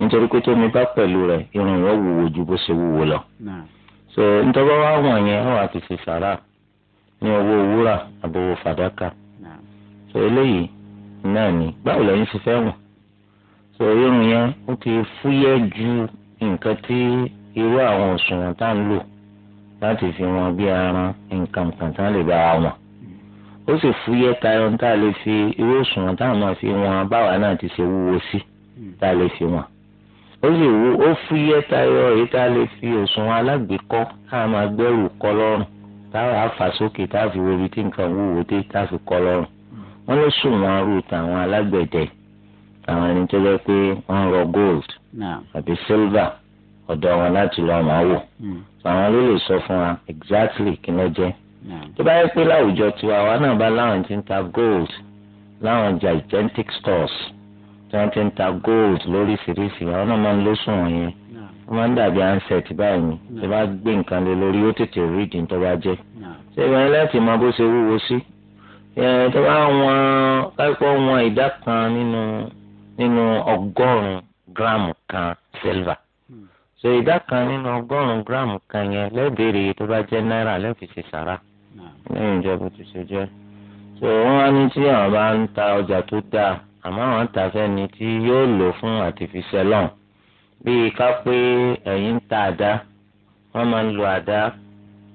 nítorí pé tómi bá pẹ̀lú rẹ̀ irun yẹn wúwo ju bó ṣe wúwo lọ. so ntọ́ba wa wọ̀n yẹn àwọn àti fi sàrà ní owó wúrà àbòwò fàdákà. so eléyìí náà ni báwo lẹ́yìn ṣe fẹ́ wọ̀n. so irun yẹn ó ti fúyẹ́ ju nǹkan tí irú àwọn òṣùwọ̀n tá à ń lò láti fi wọn bí aran nǹkan kan tá lè bá wọn ó sì fúyẹ́ tayọ tá a lè fi irú òṣùwọ̀n tá a máa fi wọn báwa náà ti ṣe wúwo sí hmm. tá a lè fi wọn ó lè wo ó fúyẹ́ tayọ èyí tá a lè fi òsùn alágbèékọ́ tá a máa gbẹ́rù kọ́ lọ́rùn táwọn afa sókè tá a fi wo ibi tí nǹkan wúwo dé tá a fi kọ́ lọ́rùn wọ́n lè sùn wọn rú tàwọn alágbẹ̀dẹ àwọn ẹni tó jẹ́ pé wọ́n rọ gold àbí silver ọ̀dọ̀ wọn láti lọ máa wò hmm. àwọn ló lè sọ fún wa exactly kí ló jẹ́ tó bá yẹ pé láwùjọ tiwa àwa náà bá láwọn ti ń ta gold láwọn gigantic stores. Mm tí wọ́n ti ń ta gold lóríṣiríṣi àwọn náà máa ń lóṣùn wọn yẹn wọ́n máa ń dàbí handset báyìí ni tí wọ́n bá gbé nǹkan lé lórí ó tètè rí ìdí tó bá jẹ́ ṣé ìgbà yẹn láti mọ bó ṣe wúwo sí tó bá wọn kápẹ́ wọn ìdá kan nínú nínú ọgọ́rùn-ún gíráàmù kan silver hmm. so ìdá kan nínú ọgọ́rùn-ún gíráàmù kan yẹn lẹ́bẹ̀rẹ̀ tó bá jẹ́ náírà lẹ́bẹ̀rẹ̀ sàrà lẹ́yìn ìjọba tó ṣe jẹ́ so á ní tí àwọn bá ń ta ọjà tó dáa àmọ́ àwọn ta fẹ́ni tí yóò lò fún àtìfisẹ́ lọ́n bíi ká pé ẹ̀yin ń ta àdá wọ́n máa ń lo àdá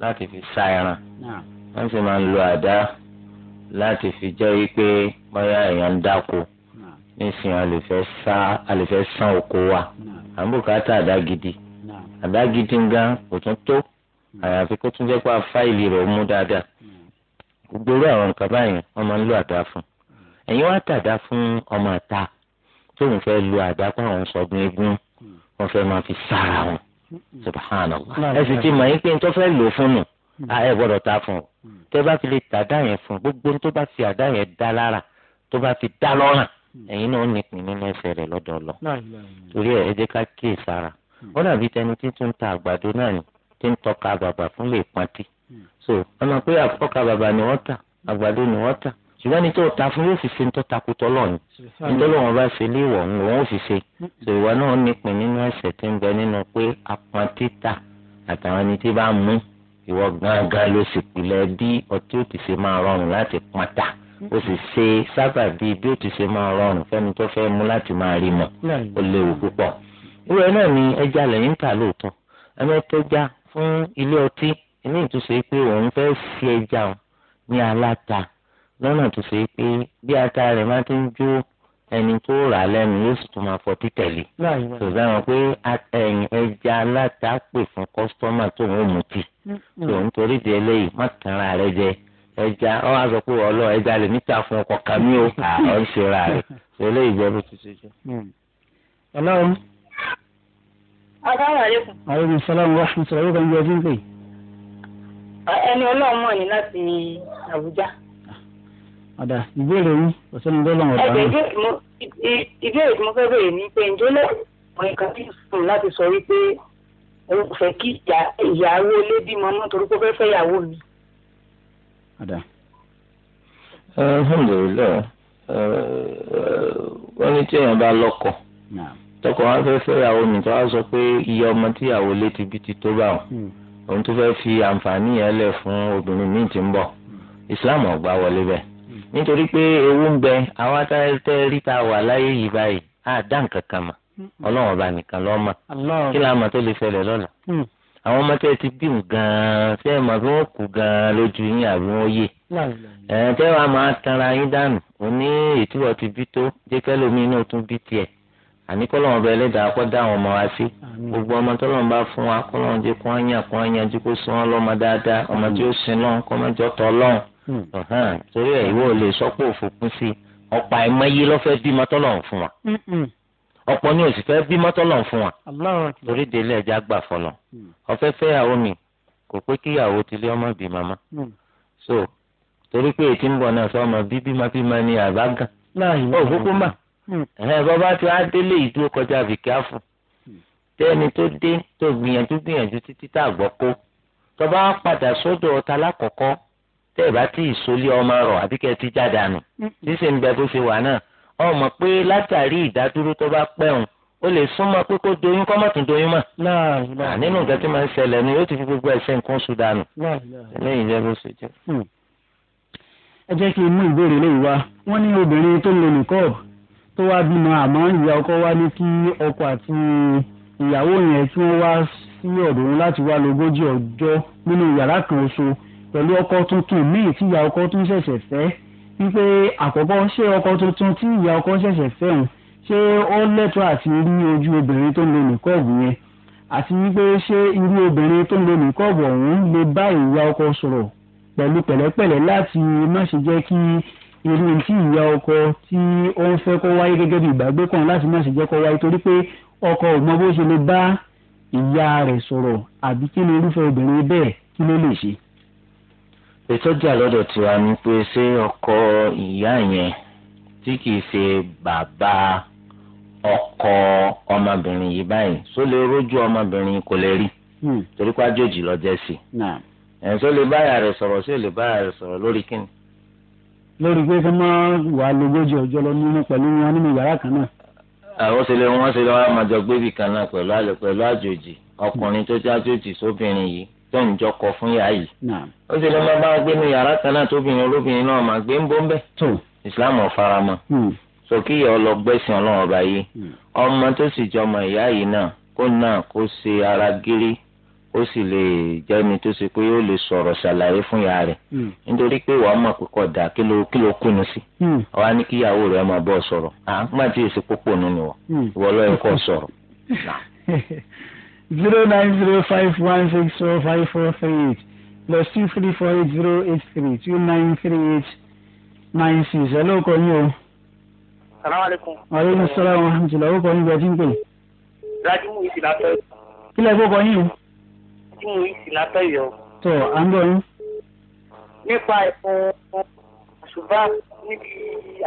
láti fi sa ẹran wọ́n sì máa ń lo àdá láti fi jẹ́ wípé bóyá èèyàn ń dáko nísìnyí a lè fẹ́ sán oko wa à ń bùkátà àdá gidi àdá gidi gan kò tún tó àyàfi kó tún jẹ́ pé fáìlì rẹ̀ mú dáadáa gbogbo àwọn nǹkan báyìí wọ́n máa ń lo àdá fún un ẹ̀yin wá tàdá fún ọmọ àta tóun fẹ́ lu àdá pa àwọn sọ̀gbìn egun wọn fẹ́ máa fi sára wọn subhanallah ẹ sì ti mọ̀ yín pé n tó fẹ́ lò fún nù ẹ gbọ́dọ̀ ta fún o hmm. tẹ́ bá fi lè tàdá yẹn fún gbogbo tó bá fi àdá yẹn dá lára tó bá fi dá lọ́ràn hmm. ẹ̀yin náà nìpín nínú ẹsẹ̀ rẹ̀ lọ́dọ̀ lọ torí ẹ jẹ́ ká kíyè sára hmm. ó dàbí tẹni tí tún ta àgbàdo náà ni tí ń tọ́ka bàbà fún lè pọ́ntì so ọmọ pé àfọ́ka bàbà ni wọ́n tà àgbàdo ni wọ́n tà ṣùgbọ́n ní tó ta fún yóò fi ṣe ní tó takò tọ́lọ̀ ni nítorí wọn bá ṣe léèwọ̀ ń wọn ò fi ṣe ṣò ìwọ náà nípìn nínú ẹ̀ṣẹ̀ tí ń bẹ nínú pé apọn títà àtàwọn ẹni tí bá mú ìwọ gángan ló sì pilẹ̀ bí ọtí ó ti ṣe máa rọrùn láti pátá ó sì ṣe sábà bíi bí ó ti ṣe máa rọrùn fẹ́ni tó fẹ́ mú láti máa rí mọ̀ ó léwu púpọ̀ ìwé náà ni ẹja lẹ́yìn tà lóòótọ́ ẹmẹ́tẹ́já fún ilé ọtí ní ìtúsẹ́ pé òun fẹ́ ṣe ẹja ní aláta lọ́nà tó ṣe pé bí ata rẹ̀ máa ti ń jó ẹni tó rà lẹ́nu yóò sì tún máa fọ títẹ̀lé tó dáhùn pé ẹja aláta pè fún kọ́sítọ́mà tó ń mú tì tó ń torí di eléyìí má tàn ra rẹ jẹ ẹja ọ wá sọ pé ọlọ ẹja lè níta fún ọkọ kàmí o kà ọ ń ṣe ra rẹ tó eléyìí jẹ bó ti ṣe jẹ. ọlọ́run. Mm. asalaamualeykum. aleykum salaam wa rahmatullahi wa barakatuh. ẹni ọlọ́run mọ̀ ní láti Àbújá ọ̀dà ìbéèrè yín kò sẹ́ni tó lọ́wọ́ ọ̀dà náà. ìbéèrè tí mo fẹ́ béèrè ni pé ǹjẹ́ lẹ́kùnrin kan ti sùn láti sọ wípé òun fẹ́ kí ìyàwó ilé bímọ mọ́ torí pé ó fẹ́ fẹ́ ìyàwó mi. ọ̀dà. alhamdulilayi wọ́n ní tí èèyàn bá lọ́kọ tọkọ wọn fẹ́ fẹ́ ìyàwó mi tó wá sọ pé iye ọmọ tí ìyàwó ilé ti bí ti tó bá wọn òun hmm. tó fẹ́ fi àǹfààní yẹn lẹ̀ fún obìnrin míì tí ń bọ̀ hmm. Islam ò wọlé bẹ́ẹ̀ nítorí pé ewu ń bẹ àwọn atẹ́tẹ́ ríta wà láyé yìí báyìí á dá nǹkan kan mà ọlọ́run ọba nìkan lọ́ọ́ kí la mọ̀ tó lè fẹlẹ̀ lọ́la mm. àwọn ọmọ tẹ́ ti bí gan-an tẹ́ ẹ̀ mọ̀ bí wọ́n kú gan-an lójú yín àbí wọ́n yè ẹ̀ tẹ́ wàá máa tanra yín dànù òní ètúwọ̀ ti bí tó jẹ́kẹ́ lómi náà tún bí tiẹ̀ àní kọ́lọ́run ọba ẹlẹ́dàá kọ́ dá àwọn ọmọ wa sí gbogbo ọmọ tọ́lọ́run bá fún wa kọ́lọ́run jẹ́ kó wọ́n yàn kó wọ́n yanjú kó sún wọn lọ́mọ dáadáa ọmọ tí ó sin lọ́n kọ́mọ́jọ́ tọ́ lọ́hùn Hmm. torí ẹ ìwọ lè sọpọ òfòpin sí ọ̀pọ̀ àìmọye ló fẹ́ bímọ tọ́lọ̀ fún wa hmm, hmm. ọ̀pọ̀ ni òsì fẹ́ bímọ tọ́lọ̀ fún wa torí délé ẹja gbà fọlọ ọfẹ́ fẹ́ yàwó mi kò pé kíyàwó tilé ọmọ bí màmá so torí pé ètí ń bọ̀ náà sọ ọmọ bí bímọ bímọ ni àbá gan ó kúkú mà ẹ bàbá tí wàá délé ìdúró kọjá bìkẹ́ àfọ̀ tẹ́ni tó dé tó gbìyànjú gbìyànjú títí tá àgbọ̀ kó tọba padà sọ́dọ̀ ọ̀tá lákọ̀ọ́kọ́ tẹ́ ẹ̀ bá tí ì sólé ọmọ rọ̀ àbí kẹ́ ẹ ti jáde àná ṣíṣe ń bẹ bó ṣe wà náà ọmọ pé látàrí ìdádúró tó bá pẹ́ òun ó lè súnmọ́ pé kó doyún kọ́ mọ̀tún doyún mọ̀. nínú nǹkan tí máa ń ṣẹlẹ̀ ni yóò ti fi gbogbo ẹ̀ṣẹ̀ nǹkan oṣù dànù. lẹ́yìn jẹ́ bó ṣe jẹ́. Hmm. ẹ jẹ́ kí n mú ìbéèrè lè wá wọ́n ní obìnrin tó ń lo nìkọ́ tó wá bímọ àmọ́ ìyá ọkọ wá ní kí ọkọ àti ìyàwó yẹn kí wọ́n wá sí ọ̀dọ̀ òun láti wá lógójì ọjọ́ nínú yàrá kan ṣoṣo pẹ̀lú ọkọ tuntun míì tí ìyá ọkọ tún ṣẹ̀ṣẹ̀ fẹ́ wípé àkọ́kọ́ ṣé ọkọ tuntun tí ìyá ọkọ ṣẹ̀ṣẹ̀ fẹ́ òun ṣé ó lẹ́tọ̀ọ́ àti rí ojú obìnrin tó ń lo nìkọ́ọ̀bù yẹn àti wípé ṣé irú obìnrin tó ń lo nìkọ́ọ̀bù ọ̀hún lè bá ìyá ọkọ sọ̀rọ̀ pẹ̀lú pẹ̀lẹ́pẹ̀lẹ́ láti má ṣe jẹ́ kí irú tí ìyá ọkọ tí ó ń fẹ́ kó wáyé gẹ́gẹ́ bí ìgbàgbé kan láti má ṣe jẹ́ kó wáyé torí pé ọkọ ò mọ bó ṣe lè bá ìyá rẹ̀ sọ̀rọ̀ àbí kí ni irúfẹ́ obìnrin bẹ́ẹ̀ kí ló lè ṣe ìtọ́jà lọ́dọ̀ tiwa ni pé ṣé ọkọ ìyá yẹn tí kìí ṣe bàbá ọkọ ọmọbìnrin yìí báyìí só lè rójú ọmọbìnrin kò lè rí hmm. torí pé àjòjì lọ jẹ́ sí i ẹ̀sọ́ lè báyà rẹ̀ sọ̀rọ̀ sí lè báyà rẹ̀ sọ̀rọ̀ lórí kíni. lórí pé kí wọ́n wà lógójì ọjọ́ lọ nínú pẹ̀lú wọn nínú yàrá kan náà. àwọn ṣe lè wọ́n ṣe lọ́wọ́ àmàjọ gbébì kan náà pẹ̀lú àjòjì ọkùnrin tó jẹ́ àjòjì sóbìnrin yìí tó ń jọ fún yàrá yìí. ó sì lè máa bá gbé ní yàrá kan náà tóbìnrin olóbìnrin náà máa gbé ń bó ń bẹ̀. ọ̀fara mọ́. Hmm. sókè ọlọ́run ọba yìí hmm. ọmọ tó sì jọ ara gírí ó sì lè tó ṣe pé lè sọ̀rọ̀ ṣàlàyé hmm. nítorí pé wàá mọ̀ pé kí ló kí ló sí kíyàwó rẹ̀ máa sọ̀rọ̀ nínú ìwọ kọ́ zero nine zero five one six four five four three eight plus two three four eight zero eight three two nine three eight nine six. ẹ lóko yín o. salaamaleykum. aleykum salaam wa rahmatulah o kò ní gbẹdí ń pè. rajimu ìsìlátọ. kílẹ̀ kó kọ yín o. rajimu ìsìlátọ yọ. tó à ń bọ̀ yín. nípa ẹ̀fọ́ àṣùbà níbi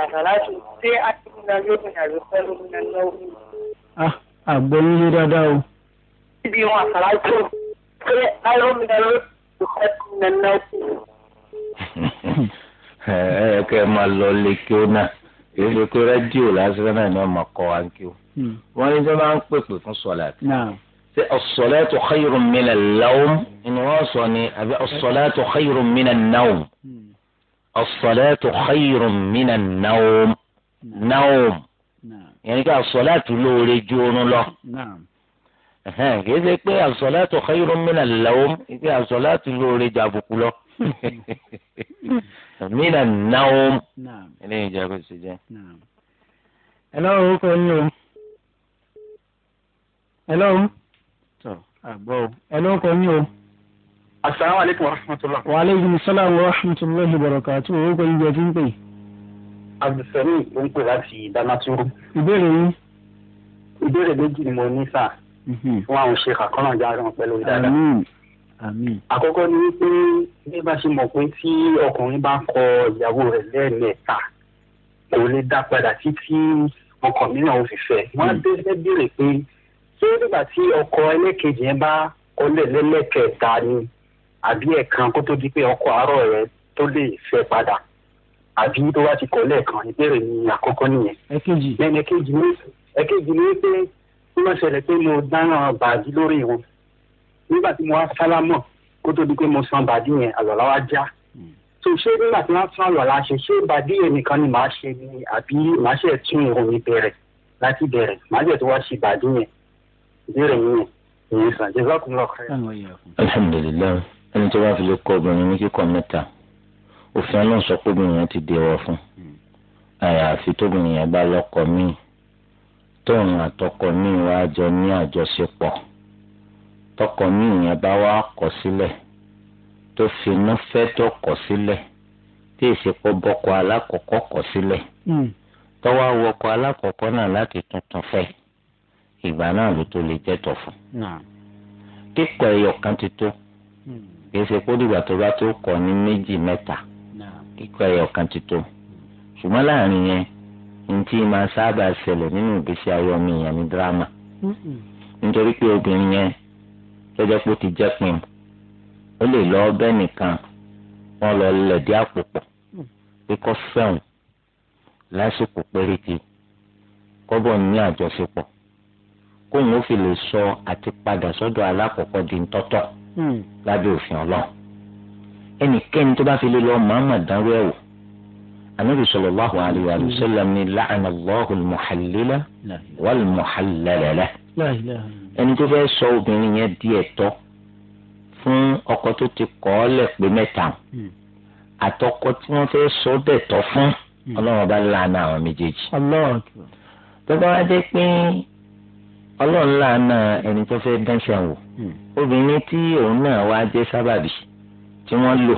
àṣàlátù ṣé àṣìkò náà yóò gbìyànjú pẹ̀lú ah, nínú náà. àgbẹ̀yìn ṣe dáadáa o. ibi wọn àfàlájò pé ayọ́mìnà ló ti kọ́ ẹ̀kún nínú ẹ̀kún. ẹ ẹ kẹ ẹ máa lọ lé kí ó náà èyí ló pé rédíò lásìkò náà ni wọn máa kọ wá kí ó. wọn ní sọ máa ń pèpè fún sọláàtì. ṣé as-salatu khayrun min al-lawm ni wọn sọ ni àbí as-salatu khayrun min an-nawm. as-salatu khayrun min an-nawm. nawm. yẹn ní ká as-salatu lóore ju oorun lọ. kì í ṣe pé àṣọlátò khayrun min al-lawm pé àṣọlátò lóore jàbùkù lọ min an-nawm eléyìí jẹ́ kó ṣe jẹ́. ẹ lọ́rùn orúkọ yín o ẹ lọ́rùn àgbọ̀ o ẹ lọ́rùn orúkọ yín o. asalaamualeykum wa rahmatulah. wa aleykum salaam wa rahmatulahi wa barakatuh orúkọ yín jẹ́ tí ń pè. abdulsani ló ń pè láti damaturu. ìbéèrè yín. ìbéèrè méjì ni mo ní sáà. Mm-hmm. fún àwọn ṣe kàkọ́nà jáde wọn pẹ̀lú ìdájọ́. àkọ́kọ́ ni wípé bí bá ṣe mọ̀ pé tí ọkùnrin bá kọ ìyàwó rẹ̀ lẹ́ẹ̀mẹ́ta kò lè dá padà títí ọkọ mìíràn ò fi fẹ́ wọ́n á mm. dé fẹ́ béèrè pé ṣé nígbà tí ọkọ ẹlẹ́kejì yẹn bá kọlẹ̀ lẹ́lẹ́kẹta ni àbí ẹ̀kan kó tó di pé ọkọ àárọ̀ rẹ̀ tó lè fẹ́ padà àbí tó bá ti kọ lẹ́ẹ̀kan ìbéèrè ni àkọ́kọ́ nìyẹn. ẹ̀kejì ni ẹ̀kejì ni pé ló ṣẹlẹ̀ pé mo dáná bàdí lórí wọn nígbà tí mo wá sálámọ̀ kó tó di pé mo san bàdí yẹn àlọ́lá wa já hmm. so ṣé nígbà tí wọ́n tún àlọ́lá ṣe ṣé bàdí yẹn nìkan ni màá ṣe ni àbí màá ṣe tún irun mi bẹ̀rẹ̀ láti bẹ̀rẹ̀ màá jẹ́ tó wá ṣe bàdí yẹn ìbéèrè yẹn èyí sàn jẹ́ sọ́kùn lọ́kàn. alhamdulilayi ẹni tó bá fi lè kọ obìnrin ní kíkọ mẹ́ta òfin ọlọ́run sọ pé obìnrin yẹn ti tóun àtọkọ ní ìwà àjọ ní àjọṣepọ̀ tọkọ ní ìyẹn bá wà kọ sílẹ̀ tó finú fẹ́ tó kọ sílẹ̀ tí ìsìnkú bọ́kọ alákọ̀ọ́kọ́ kọ sílẹ̀ hmm. tọ́wọ́ awọkọ náà láti tuntun fẹ ìgbà náà ló tó lè fún. kíkọ ẹyọ kan kọ ní méjì kíkọ ẹyọ kan ti hmm. ntí máa sábà ṣẹlẹ̀ nínú ìgbésí ayé ọmọ èèyàn ní dírámà nítorí pé obìnrin yẹn lọ́jọ́ pé ó ti jẹ́ pin ó lè lọ ọbẹ̀ nìkan wọ́n lọ lẹ̀dí àpò pọ̀ pé kó fẹ́hùn lásìkò péréte kọ́bọ̀ ní àjọṣepọ̀ kóun ó fi lè sọ àti padà sọ́dọ̀ alákọ̀ọ́kọ́ di ntọ́tọ̀ mm. lábẹ́ òfin ọlọ́run ẹnikẹ́ni tó bá fi lè lọ màmá dánrú ẹ̀wò النبي صلى الله عليه وسلم لعن الله المحلل والمحلل له لا إله ẹni tó fẹ́ sọ obìnrin yẹn di ẹ̀tọ́ fún ọkọ tó ti kọ̀ ọ́ lẹ̀ pé mẹ́ta hmm. àtọkọ tí wọ́n fẹ́ sọ dẹ̀tọ́ fún hmm. ọlọ́run bá lànà àwọn méjèèjì. tọ́gbà wá dé pé ọlọ́run lànà ẹni tó fẹ́ dánṣẹ́ wò hmm. obìnrin tí òun náà wá jẹ́ sábàbí tí wọ́n lò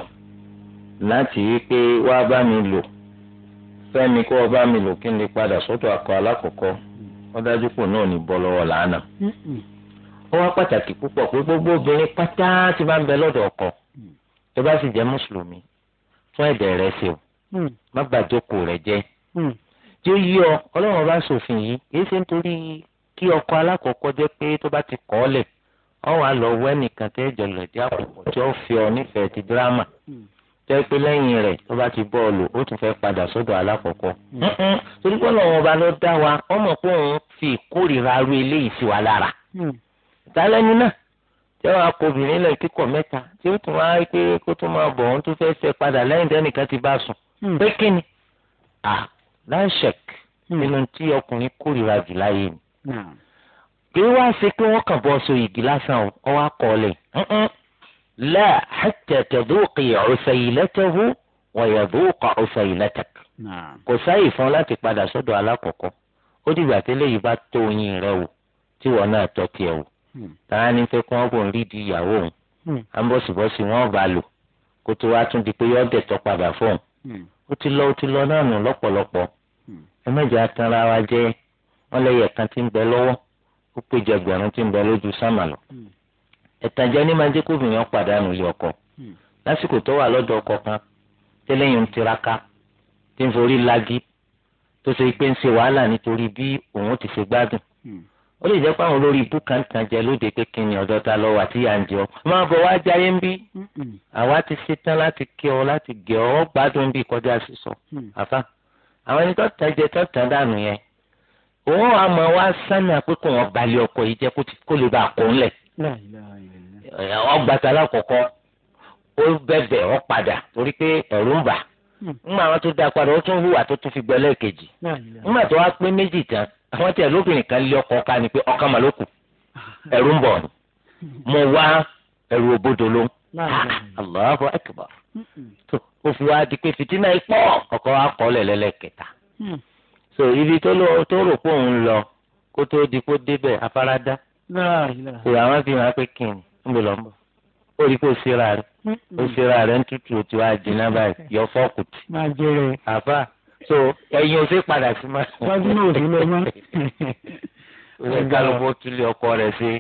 láti rí pé wá bá mi lò fẹ́ni kó ọba mi lò kí n lè padà sọ́tọ̀ akọ alákọ̀ọ́kọ́ ó dájú pò náà ní bọ́ lọ́wọ́ làánà. ó wá pàtàkì púpọ̀ pé gbogbo obìnrin pátá ti bá ń bẹ lọ́dọ̀ ọkọ tó bá sì jẹ́ mùsùlùmí fún ẹ̀dẹ̀ rẹ̀ sí o má bàjókòó rẹ̀ jẹ́. tí ó yí ọ ọlọ́run bá ṣòfin yìí kìí ṣe nítorí kí ọkọ alákọ̀ọ́kọ́ jẹ́ pé tó bá ti kọ́ lẹ̀ ọ wà lọ wẹ́ nìkan tẹ́ tẹ́ pé lẹ́yìn rẹ̀ tó bá ti bọ́ọ̀lù ó tún fẹ́ padà sọ́dọ̀ alákọ̀ọ́kọ́. torí pé ọlọ́run ọba ló dá wa ọmọ pé òun fi ìkórìíra aru eléyìí sí wa lára. ìtàlẹ́nu mm. náà jẹ́ wàá kó obìnrin lẹ̀ kíkọ̀ mẹ́ta tí ó tún wáá pé kó tún máa bọ̀ òun tún fẹ́ ṣe padà lẹ́yìn tẹ́nìkan ti bá sùn. Mm. pé kí ni láṣẹk mm. nínú tí ọkùnrin kórìíra jù láyé ni. kí wọ́n á ṣe pé wọ́n kàn bọ́ لا حتى تذوقي عسيلته ويذوق عسيلتك kò sáyè fún láti padà sọ́dọ̀ alákọ̀ọ́kọ́ ó dìgbà tẹ́lẹ̀ yìí bá tó oyin rẹ o tí wọn náà tọ́ tiẹ̀ o táwa ní fẹ́ kí wọ́n bò ń rí di ìyàwó òun à ń bọ̀sibọ́sì lọ ẹ̀tànjẹ ní máa ń jẹ́ kó obìnrin pàdánù ilé ọkọ hmm. lásìkò tó wà lọ́dọ̀ ọkọ kan tẹ́lẹ̀yìn ń tiraka tí ń forí lagi tó ṣe pé ń ṣe wàhálà nítorí bí òun ti ṣe gbádùn hmm. ó lè jẹ́ pé àwọn olórí ibú kan kan jẹ lóde kékeré ní ọ̀dọ̀ ta lọ́wọ́ àti ìyá ń jẹ ọ́ máa bọ̀ wá jayé ń bí hmm. àwa ti ṣetán láti kí ọ láti gẹ̀ ọ́ gbádùn bí kọjá sísọ àfa àwọn ẹni tó tẹ̀ jẹ tó tẹ̀ dànù yẹn òun àmọ́ wá sánà pé kò wọ́n balẹ̀ ọkọ̀ yìí jẹ́ kó lè bá a kó ńlẹ̀ Eh, ọ gbasara ó bẹ̀bẹ̀ ó padà torí pé ẹ̀rù ń bà hmm. ńgbà wọn tó dá padà ó tún hùwà tó tún fi gbẹ lẹ́ẹ̀kejì ńgbà tó wá pé méjì tán àwọn tí ẹlòmíràn kan lé ọkọ pé ọkàn ló wá òbodò ló ah, hmm. ó fi wá di pé fìtínà ipò ọkọ hmm. so ibi tó rò pé òun lọ kó tó di kó ìyàwó fi hàn pé kìnnì ń bò lọ́nbọ̀ ó rí kó síra rẹ̀ ó síra rẹ̀ ń tutù tí wàá jiná báyìí yọ fọ́ọ̀kù tì. máa jẹrẹ. àfa so ẹyin ò sí padà sí ma. wájú náà ò sí lọ mọ́. ìwé kálukú tulẹ̀ ọkọ rẹ̀ sí.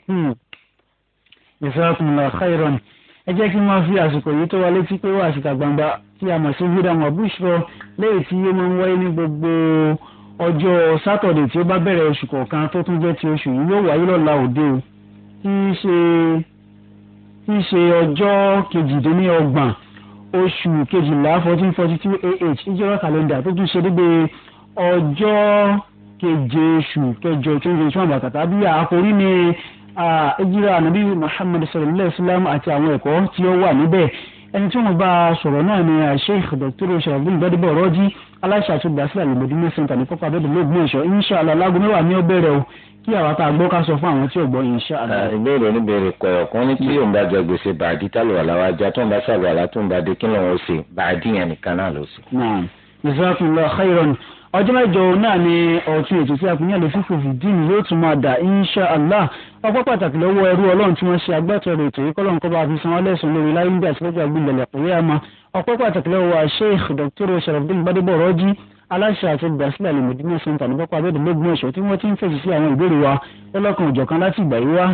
ìsọkùnrin hmm. khairan ẹ jẹ́ kí n máa fi àsìkò yìí tó wa létí pé wàásù tàgbàǹgbà tí a mọ̀ sí gúdà wọn bùsùrọ̀ lẹ́yìn tí yóò máa ń wáyé ní gbogbo. ọjọ́ sátọ̀dẹ̀ tí ó bá bẹ̀rẹ̀ oṣù kọ̀ọ̀kan tó tún jẹ́ ti oṣù yìí yóò wáyé lọ́la òde o kì í ṣe kì í ṣe ọjọ́ kejìdínlọ́gbọ̀n oṣù kejìlá fourteen forty two ah tó tún ṣe ọjọ́ keje oṣù kẹjọ tó ń ìṣúná bàtàtà bí àkórí ni sallallahu wa sallam ẹni tí wọ́n bá a sọ̀rọ̀ náà ni Sheikh Dr. sharafdin gbadebo ọrọjì aláṣẹ àtúgbàsílẹ̀ àlùmọdúnmọ center ní pápá abẹbẹ lóògùn ẹṣọ inṣàlá láago mẹ́wàá ní ọbẹ̀rẹ̀ o kí àwa tá a gbọ́ ká sọ fún àwọn tí ò gbọ́ inṣàlá. ìbéèrè oníbèrè kọyọ kan ní tí yóò hmm. bá jẹ gbèsè bàdí tálọ àlàwà ajá tó ń bá sàlù tó ń bá dé kí lóun ọjọ́ mẹ́jọ náà ni ọ̀tún ètò tí a pè ní àlòfífò fìdíìn yóò tún máa dà insha allah ọpọ́ pàtàkì lọ́wọ́ ẹrú ọlọ́run tí wọ́n ṣe agbátẹrù ètò yìí kọ́lọ́n kọ́ bá fi san ọlẹ́sùn lórí láyé nígbà tí wọ́n gbàgbé ìlẹ̀lẹ̀ pẹ̀lú àmọ́ ọpọ́ pàtàkì lọ́wọ́ sheikh dr sharafdin gbadebo rọ́jí aláṣẹ àti olùdásílẹ̀ alimọ̀dínà center ní pápá abẹ́ẹ̀dẹ́gbẹ̀gbọ̀n ọ̀ṣọ́ tí wọ́n ti ń fèsì sí àwọn ìbéèrè wa ọlọ́kan òjọ̀kan láti ìgbà yìí wá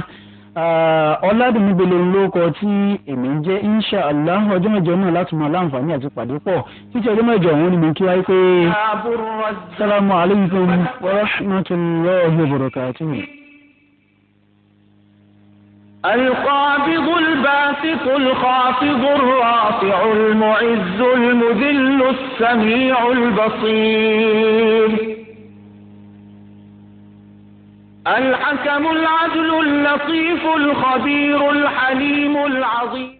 Ah, ọ̀làdìmíbele lóko tí èmi ń jẹ́ insha allah ọjọ́ mẹ́jọ náà láti mọ aláǹfààní àti pàdé pọ̀ títí ọjọ́ mẹ́jọ òun ni mo kí wáyé pé sálámù aleykum wa rahmatullahi wa barakatuh. القابض الباسط الخافض الرافع المعز المذل السميع البصير الحكم العدل اللطيف الخبير الحليم العظيم